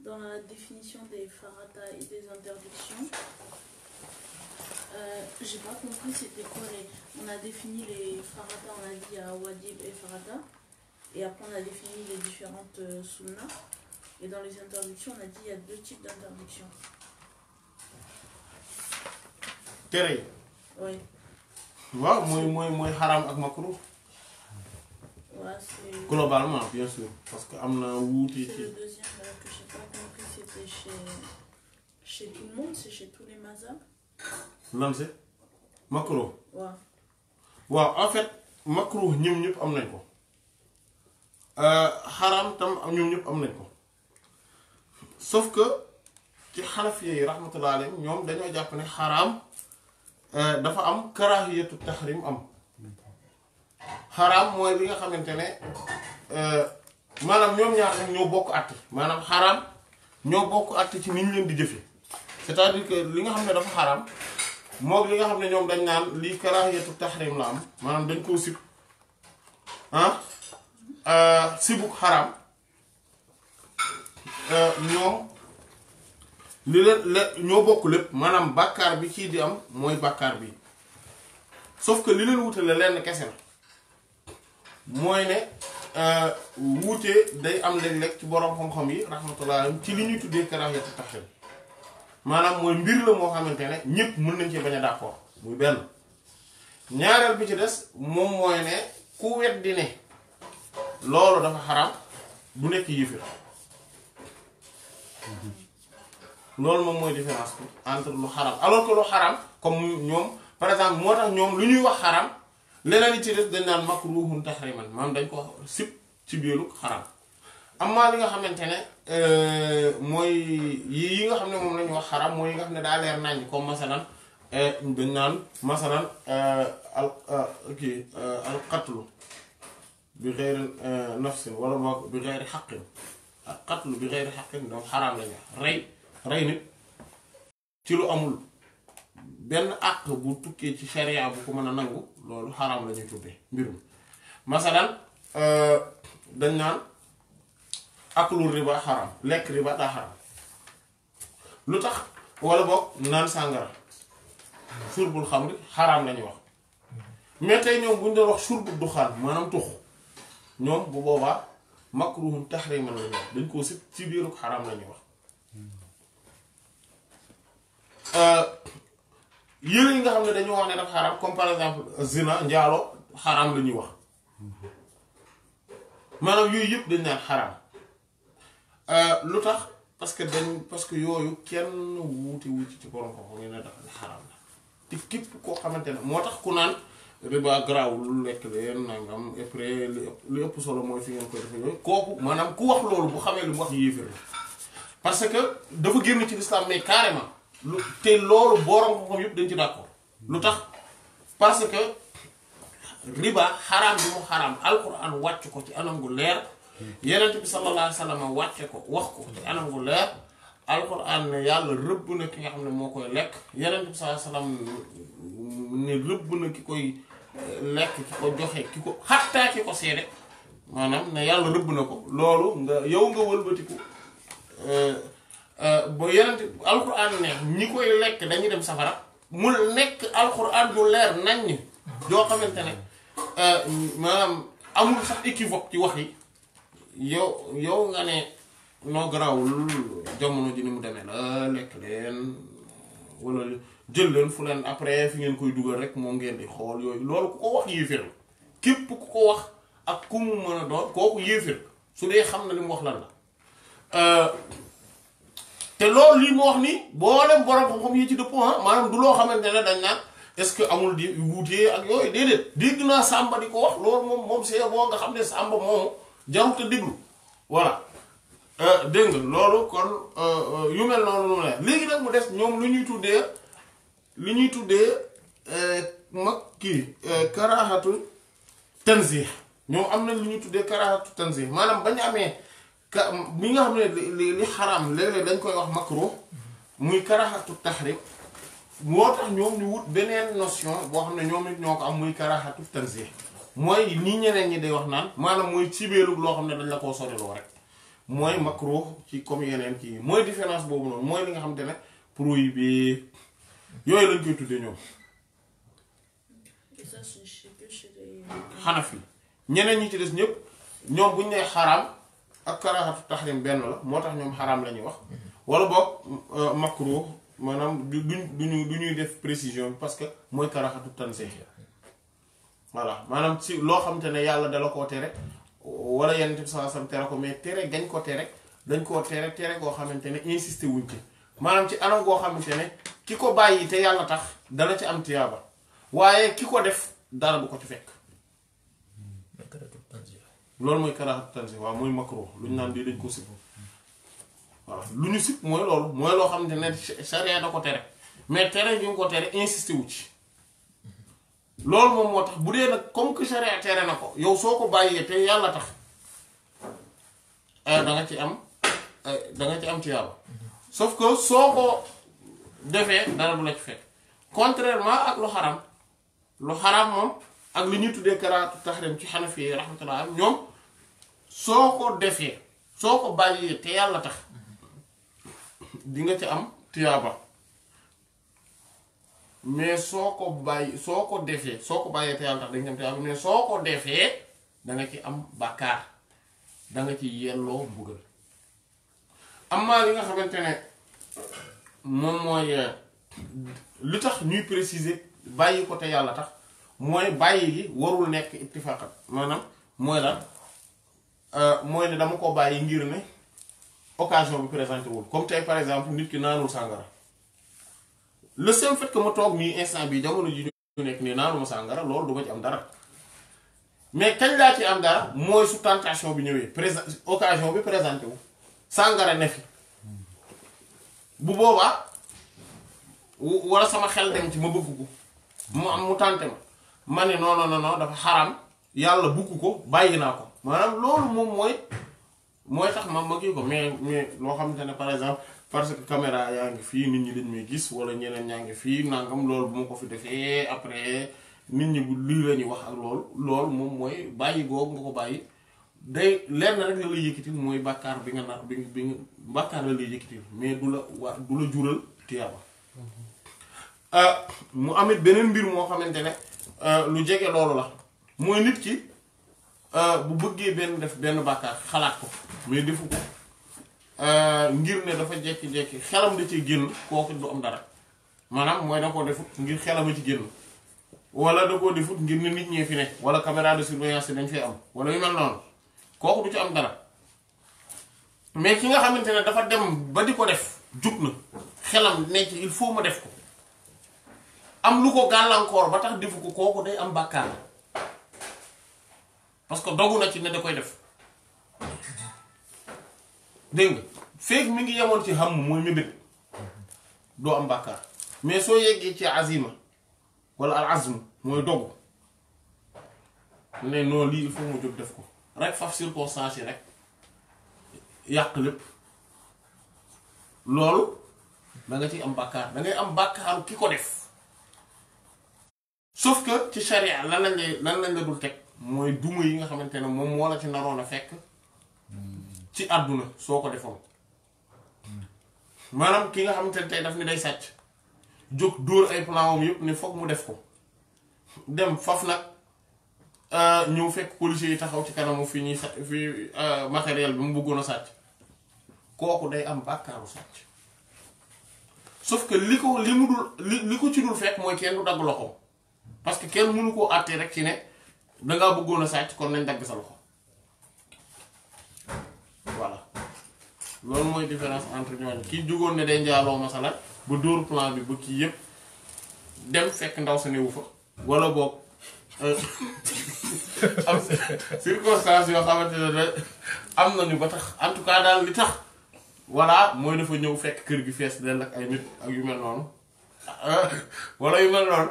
Speaker 3: dans la, la définition des farata et des interdictions, euh, j'ai pas compris c'était quoi les. On a défini les farata, on a dit à Wadib et farata, et après on a défini les différentes euh, Et dans les interdictions, on a dit il y a deux types d'interdictions. Tere. Oui.
Speaker 2: Tu moi, moi, moi, haram et
Speaker 3: Ouais, c'est... Globalement, hein,
Speaker 2: bien sûr. Parce que Amna Wood C'est le
Speaker 3: deuxième là, euh, que j'ai pas compris, c'était chez. Chez tout le monde, c'est chez tous les mazas.
Speaker 2: Non, c'est Macro. Ouais. Ouais, en fait, Macro, ñom ñep am nañ ko. Euh, haram tam ñom ñep am nañ ko. Sauf que ci Hanafiya yi rahmatullahi alayhim ñom dañu japp ne haram euh dafa am karahiyatu tahrim am. xaraam mooy li nga xamante ne euh, maanaam ñoom ñaar nag ñoo bokk àtt maanaam xaraam ñoo bokk àtt ci ni ñu leen di jëfe c'est-à-dire que li nga xam ne dafa xaraam moo li nga xam ne ñoom dañ naan lii karaahiyatu tahrim la am maanaam dañ koo sib ah euh, sibuk euh, li leen la ñoo bokk lépp maanaam bàkkaar bi kii di am mooy bàkkaar bi sauf que li leen wutale lenn kese la mooy ne euh, wouté day am léeg-léeg ci borom xom xom yi rahmatullah ci liñu tuddé tuddee karaahiyatu tahriim maanaam mooy mbir la mo xamante ne ñëpp mën nañ ci baña d'accord muy ben ñaaral bi ci dess mom moy ne ku weddi ne lolu dafa haram du nek yifir lolu mom moy différence entre lu haram alors que lu haram comme ñom par exemple motax ñom ñoom lu ñuy wax haram leneen li ci des dañ naan makruhun man maam dañ ko sipp ci biiru xaram amma li nga xamante ne euh, mooy yi nga xam ne moom la ñu wax xaram mooy yi nga xam ne daal leer nañ comme masalan euh, dañ naan masalan euh, al kii al qatlu bi xeyri bi xeyri xaqin al qatlu bi xeyri xaqin donc xaraam lañu wax rey rey nit ci lu amul benn àq bu tukkee ci sharia bu ko mën a nangu loolu xaram la ñu tuddee mbirum masalan euh, dañ naan aklu riba xaram lekk riba daa xaram lu tax wala boog naan sàngara surbul xamri xaram la ñuy wax mais tey ñoom bu ñu doon wax surbul duxaan maanaam tux ñoom bu boobaa makruhun tahriman la ñuy wax dañ koo sit ci biiru xaram la ñuy wax euh, yére yi nga xamne dañu wone dafa haram comme par exemple zina ndialo haram la ñuy wax manam yoy yep dañ naan haram euh lutax parce que dañ parce que yooyu kenn wuti wuti ci borom ko ngi na dafa haram xaram la te képp koo xamante ne ku nan riba graw lu lekk leen nangam et près lu ep solo moy fi ngeen koy def yooyu koku manam ku wax lolu bu xamé lu wax yéfer parce que dafa génn ci l'islam mais carrément lu te loolu borom ko yëpp dañ ci d'accord lu tax parce que riba xaraam bi mu xaraam alquran wàcc ko ci anam gu leer yeneen bi sallallahu alayhi ko wax ko ci anam gu leer alquran ne yàlla rëbb na ki nga xam ne moo koy lekk yeneen bi sallallahu alayhi wa sallam rëbb na ki koy eh, lekk ki ko joxe ki ko xattaa ko seede maanaam na yàlla rëbb na ko loolu nga yow nga wëlbatiku eh, Euh, ba yeneen alquran ne ñi koy lekk dañuy dem safara mu nekk alquran lu leer naññ yoo xamante ne euh, maanaam amul sax équivoque ci wax yi yow yow nga ne noo garaawul jamono mu demee la lekk leen wala jël leen fu leen après fi ngeen koy dugal rek moom ngeen di xool yooyu loolu ku ko wax yéeféer képp ku ko wax ak ku mu mën a doon kooku yéeféer su dee xam na li mu wax lan la euh, te loolu lii mu wax ni boolem borom xam-xam yi ci dëppoo ah maanaam du loo xamante ne dañ naan est-ce que amul di wuutee ak yooyu déedéet dégg naa Samba di ko wax loolu moom moom c'est bon nga xam ne Samba moomu jarut a déglu voilà euh, dégg nga loolu kon euh, euh, yu mel noonu lu ne léegi nag mu des ñoom lu ñuy tuddee lu ñuy tuddee mag kii karaxatu tanzih ñoom am nañ lu ñuy tuddee karaxatu tanzih maanaam bañ amee. ka bi nga xamné li li xaraam léeg-léeg dañ koy wax makro muy karahatu tahrim moo tax ñoom ñu wut benen notion bo xamné ne ñoom it ñoo am muy karahatu tanzih moy ni ñene ñi day wax naan manam moy cibeelu lo xamné dañ la ko sori lo rek moy makro ci comme yenen kii moy différence bobu non moy li nga xamné prohibé yoy lañ koy tuddé ñoom. hanafi yi ñi ci dess ñep ñoom buñ ñu nee ak karaahatu tahrim benn la moo tax ñoom xaraam la ñuy wax wala boo euh, makruh maanaam du duñu du ñuy def précision parce que mooy karaahatu tanzih voilà maanaam si loo xamante ne yàlla dala koo tere wala yenent bi sallallahu alayhi tere ko mais tere gañ ko tere dañ koo tere tere koo xamante ne insisté wuñ ci maanaam ci anam goo xamante ne ki ko bàyyi te yàlla tax dala ci am tiyaaba waaye ki ko def dara bu ko ci fekk loolu mooy karaahatu tanzih waaw mooy makruh lu ñu naan di dañ ko sib waaw lu ñu sib mooy loolu mooy loo xam ne charia na ko tere mais tere ñu ko tere insisté wu ci loolu moom tax bu dee nag comme na ko yow soo ko bàyyee te yàlla tax eh, da nga ci am eh, da nga ci am ci yàlla sauf que soo ko defee dara du la ci fekk contrairement ak lu xaram lu xaram moom ak lu ñuy tuddee karaatu taxrim ci xanafi rahmatullah ñoom soo ko defee soo ko bàyyee te yàlla tax di nga ci am tiyaaba mais soo ko bàyyi soo ko defee soo ko bàyyee te yàlla tax da nga am tiyaaba mais soo ko defee danga ci am bàkkaar danga ci yelloo mbugal amaa li nga xamante ne moom mooy lu tax ñuy préciser bàyyi ko te yàlla tax mooy bàyyi gi warul nekk ittifaaqan maanaam mooy la Euh, mooy ne dama ko bàyyi ngir ne occasion bi présenté wul comme tey par exemple nit ki naanul sàngara le seul fait que ma toog nii instant bi jamono ji ñu nekk nii naanuma sàngara loolu du ma ci am dara mais kañ laa ci am dara mooy su tentation bi ñëwee présent occasion bi présenté wu sàngara ne fi bu boobaa wala sama xel dem ci ma bëgg ko mu am mu tànte ma ma ne non non dafa xaram yàlla bukk ko bàyyi naa ko. maanaam loolu moom mooy mooy tax ma ma kii ko mais mais loo xamante ne par exemple parce que caméra yaa ngi fii nit ñi dañ may gis wala ñeneen ñaa ngi fii nangam loolu bu ma ko fi defee après nit ñi bu lii ñuy wax ak loolu loolu moom mooy bàyyi googu nga ko bàyyi day lenn rek la lay yëkkatil mooy bàkkaar bi nga na bi bi nga bàkkaar la lay yëkkatil mais du la wa du la jural tiyaaba euh, mu amit beneen mbir moo xamante ne euh, lu jege loolu la mooy nit ki Euh, bu bëggee benn def benn bàkkaar xalaat ko mais defu ko euh, ngir ne dafa jekki-jekki xelam da ci génn kooku du am dara maanaam mooy da koo defut ngir xelama ci génn wala da koo defut ngir ne nit ñee fi ne wala caméra de surveillance dañ fay am wala yu mel noonu kooku du ci am gana mais ki nga xamante ne dafa dem ba di ko def jug na xelam nekk ci il faut ma def ko am lu ko gàllankoor ba tax defu ko kooku day am bàkkaar parce que dogu na ci ne da koy def dégg nga feeg mi ngi yemoon ci xam mooy mébét doo am bàkkaar mais soo yeggee ci asima wala al azm mooy dogu ne non lii il faut mu jóg def ko rek faf circonstance yi rek yàq lépp loolu da nga am bàkkaar da am bàkkaaru ki ko def sauf que ci charia lan lañ lay lan lañ la dul teg. mooy duma yi nga xamante ne moom moo la ci naroon a fekk ci àdduna soo ko defoon maanaam ki nga xamante ne tey daf ni day sàcc jóg dóor ay plan am yëpp ne foog mu def ko dem faf nag euh, ñëw fekk policiers yi taxaw ci kanamu fi ñuy sàcc fi euh, matériel bi mu bëggoon a sàcc kooku day am bàkkaaru sàcc sauf que li ko li mu dul li ko ci dul fekk mooy kenn du dagg loxo parce kenn mënu koo àttee rek ci ne dangaa bëggoon a sàcc kon nañ dagg sa loxo voilà loolu mooy différence entre ñooñu kii jugoon ne day njaaloo masala ba dóor plan bi ba kii yépp dem fekk ndaw sa néewu fa wala boog euh, am circonstance yoo xamante ne am nañu ba tax en daal li tax voilà mooy dafa ñëw fekk kër gi fees dell ak ay nit ak yu mel noonu euh, wala yu mel noonu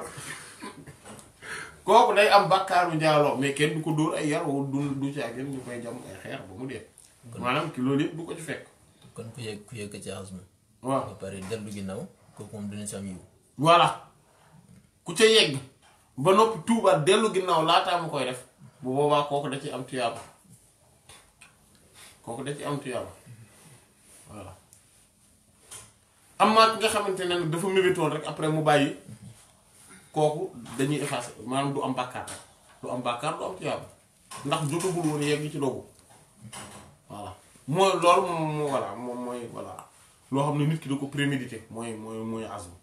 Speaker 2: kooku day am bàkkaaru njaaloo mais kenn du ko dóor ay yar wala du du caa kenn mu dee. maanaam ki loolu yëpp du ko ci fekk. kon ku yëg ku yëg ci asma. waaw ba ci am yiw. voilà ku yegg ba noppi tuubaat dellu ginnaaw laataa mu koy def bu kooku da ci am tuyaaba kooku ci am tuyaaba voilà. am naa ki nga xamante ne dafa mébétoon rek après mu bàyyi. kooku dañuy effacer manam du am bakkar du am bakkar du am tiyaaba ndax jotagul woon yegg ci dogu voilà mooy loolu moom voilà moom mooy voilà lo xam nit ki dako ko prémédité moy moy mooy azm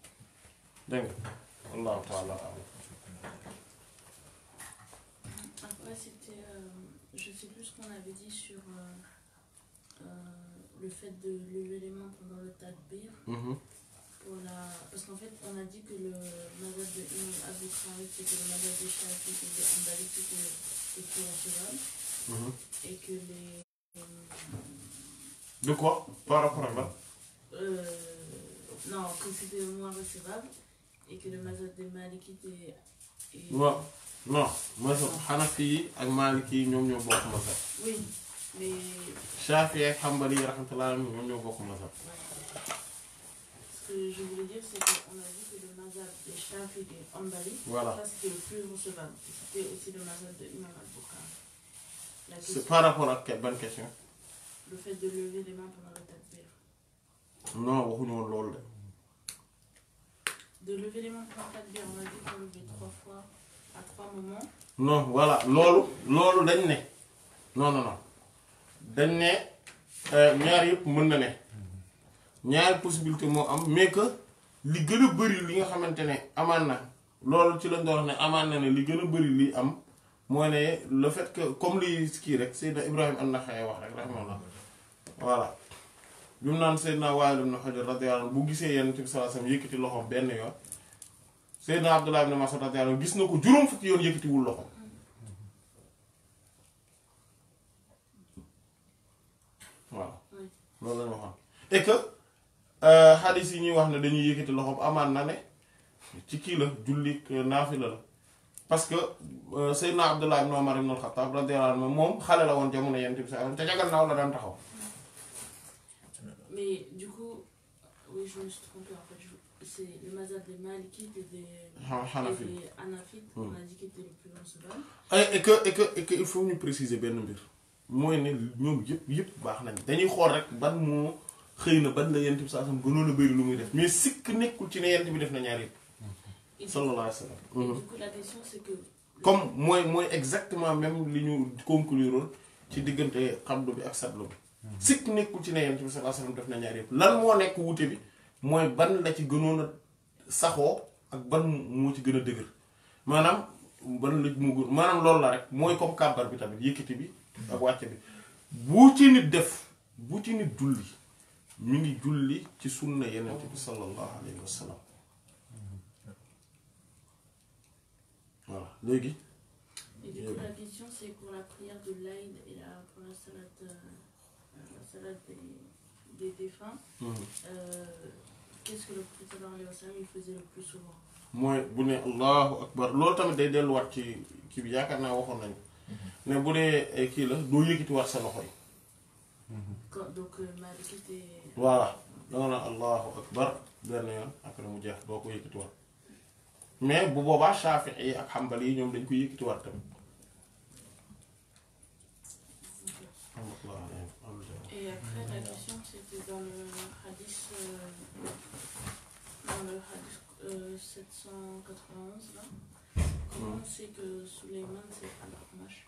Speaker 2: dégg nga taala après
Speaker 3: c'était euh, je sais plus ce qu'on avait dit sur euh, euh, le fait de lever les mains pendant le takbir mm-hmm parce qu'en fait, on a dit que le mazhab de Imam Abu c'était le mazhab de Shafi de Ambali, c'était le plus recevable. Mhm. Et que les.
Speaker 2: de quoi Par rapport à euh,
Speaker 3: Non, que c'était moins recevable et que le mazhab de Malik était... Non,
Speaker 2: Hanafi et Maliki, nous sommes beaucoup
Speaker 3: Oui, mais ce que je voulais dire, c'est qu'on a vu que le mazhab des Shafi de des voilà. ça c'était le plus recevable. C'était aussi le mazhab de Imam al C'est par
Speaker 2: rapport à quelle bonne question
Speaker 3: Le fait de lever les mains pendant le tas
Speaker 2: Non, ne Non, pas
Speaker 3: de. de lever les mains pendant le takbir, on a dit qu'on levait trois fois à trois moments.
Speaker 2: non voilà l'olo, l'olo, l'année non non non ne euh, ñaar ñaari possibilité moo am mais li gën a bëri li nga xamante ne amaan na loolu ci lañ doon wax ne amaan na ne li gën a bari li am moo ne le fait que comme li kii rek Seydina am na naxai wax rek rahimahullah voilà bi mu naan Seydina Waa'il ibn Hujr radiyallahu anhu bu gisee yenn bi sallallahu alayhi wasallam yëkkati loxoom benn yoon Seydina Abdullah ibn Mas'ud radiyallahu gis na ko juróom fukki yoon yëkkatiwul loxoom voilà loolu lañu waxoon et que xadis euh, yi ñuy wax na dañuy yëkkati loxoom amaan na ne ci ki la julli euh, naafila la parce que euh, Seydina Abdullah ibn Umar ibn al-Khattab radiyallahu anhu moom xale la won jamono yonent bi sallallahu alayhi wasallam te ca gannaaw la daan taxaw.
Speaker 3: mais du coup oui je me suis trompé en fait c'est le mazhab des Malikites et des. Hanafites et des Hanafites. Hmm. On a dit qu'il était le plus recevable.
Speaker 2: et que et que et que il faut ñu préciser ben mbir moy ne ñom yëpp yëpp baax nañ dañuy xor rek ban mo xëy na ban la yent bi saa sam gënoon a bëri lu muy def mais sikk nekkul ci ne yent bi def na ñaar yëpp sallallahu alayhi wa sallam mhm. comme mooy mooy exactement même li ñu conclure ci diggante xabdu bi ak sadlu bi mhm. sikk nekkul ci ne yent bi sallallahu alayhi def na ñaar yëpp lan moo nekk wuute bi mooy ban la ci gënoon a saxoo ak ban moo ci gën a dëgër maanaam ban la mu gën maanaam loolu la rek mooy comme kàbbar bi tamit yëkkati bi ak wàcc bi bu ci nit def bu ci nit dulli mi ngi julli ci sunna yenent bi sallallahu alayhi wa sallam voilà legui
Speaker 3: et du coup la question c'est pour la prière de l'Aïd et la pour la salat euh, la salat des des défunts. Mhm. Euh, qu'est-ce que le prophète sallallahu alayhi wa sallam il faisait le plus souvent.
Speaker 2: mooy bu ne allahu akbar loolu tamit day delou wat ci ki bi yaakaar naa waxoon nañu. Mhm. ne bu dee eh, la do yëkkati wax sa loxoy
Speaker 3: donc euh, Maliki te.
Speaker 2: voilà non la allahu akbar dernier yoon après mu jeex doo ko yëkkatiwaat mais bu boobaa Shaafi'i yi ak Hanbal yi ñoom dañ koy yëkkatiwaat
Speaker 3: Et après la question c'était dans le hadith euh, dans le hadith 791 euh, là. Comment c'est que Souleymane c'est Al-Amash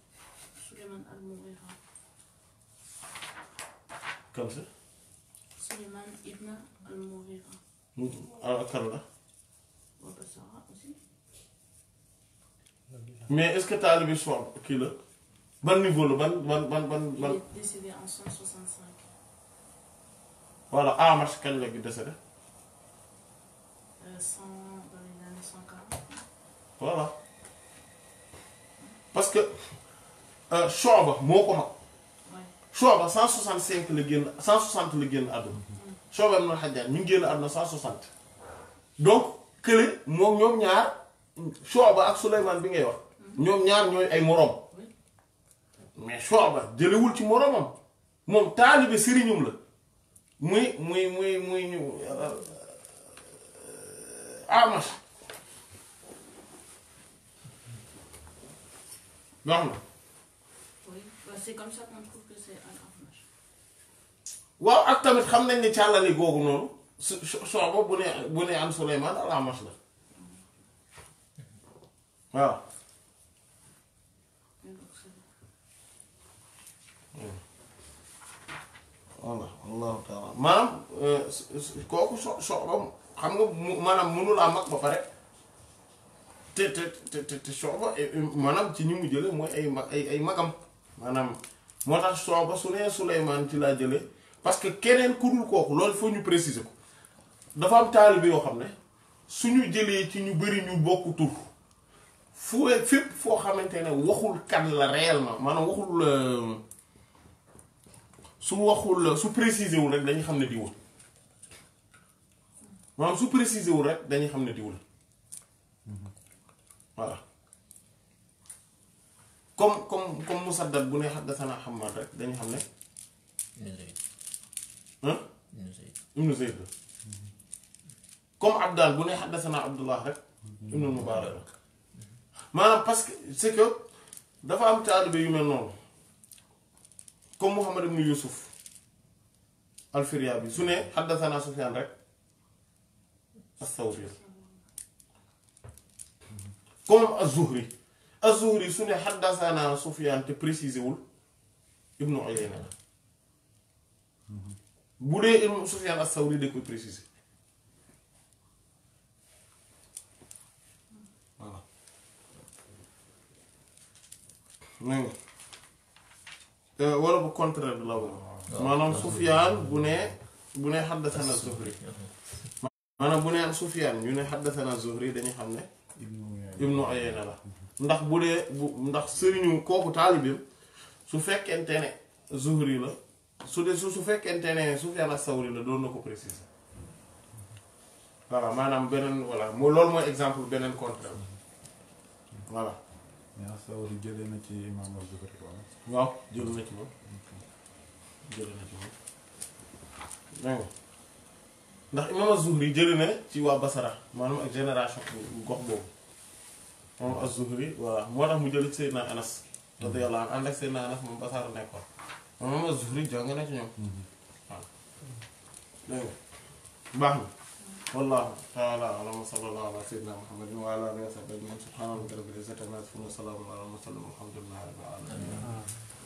Speaker 3: سليمان المغيرة كم سر؟ سليمان ابن المغيرة
Speaker 2: أكرر هو وبصرة هو مي هو تعلم هو كيلو هو نيفو هو بان بان بان بان بان
Speaker 3: ديسيدي ان 165
Speaker 2: هو ا مارش كان لي هو 100 140 فوالا باسكو Euh, sooba moo ko mag Shu'ba 165 la génn 160 la génn àdduna mm. Shu'ba ibn a hajjaj mi ngi génn àdduna 160 donc kële moom ñoom ñaar Shu'ba ak Souleymane bi ngay wax mm. ñoom ñaar ñooy ay moroom mais Shu'ba jëlewul ci moroomam moom taalibe sëriñum la muy muy muy muy ñu euh,
Speaker 3: euh, Amash. c'est comme ça qu'on trouve que c'est un enfant.
Speaker 2: Oui, ak tamit quand nañ ni càllali que c'est un bu am la voilà la taala euh, so xam nga ay manam motax tax ba su nee Souleymane ci laa jëlee parce que keneen ku dul kooku loolu faut ñu préciser ko dafa am taalibe yo xamne suñu jele ci ñu bari ñu bokk tur fu fepp fo xamantene waxul kan la réellement maanaam waxul euh, su waxul su préciser wu rek dañuy xamne di diwul maanaam su préciser wu rek dañuy xam ne diwul voilà. comme comme comme musaddad bu ne xaddasanaa Hammad rek dañu xam ne. ibnu Zayd. ah. ibnu Zayd ibnu Zayd la. comme Abdal bu ne xaddasanaa Abdullah rek. ibnu Mubaarak la maanaam parce que c'est que dafa am taalibe yu mel noonu comme Muhammad ibnu Yusuf al-Firya bi su ne xaddasanaa Sufyaan rek as-Sawri comme az-Zuhri. Azuri su ne xaddasanaa Sufyaan te précisé wul Ibnu Uyayna la bu dee Ibnu Sufyaan as-Sawri da koy précisé voilà nañ wala bu contraire bi ah, bu ne bu ne xaddasanaa Zuhri maanaam bu ne Sufyaan ñu ne xaddasanaa Zuhri dañuy xam ne Ibnu Uyayna la ndax bu dee bu ndax sëriñu kooku taalibeem su fekkente ne Zuhri la su dee su fekkente ne Sufyaan as-Sawri la doon na ko préciser voilà maanaam beneen voilà moo loolu mooy exemple beneen contraire voilà.
Speaker 1: mais as-Sawri jëlee na ci imaam Zuhri waaw
Speaker 2: jëlee na ci moom jëlee na ci moom dégg nga ndax imaam Zuhri jëlee na ci waa Basara maanaam ak génération gox boobu. moom az-Zuhri moo tax mu jël Seydina Anas radiyallahu anhu ànd ak Seydina Anas moom Basara nekkoon moom az jàng na ci ñoom mhm. waaw dégg nga baax na wallahu taala alam wa sallallahu ala sayyidina muhammadin wa ala alihi wa sahbihi subhaana rabbika rabbil izzati amma yasifuun wa salaamun ala al-mursaliin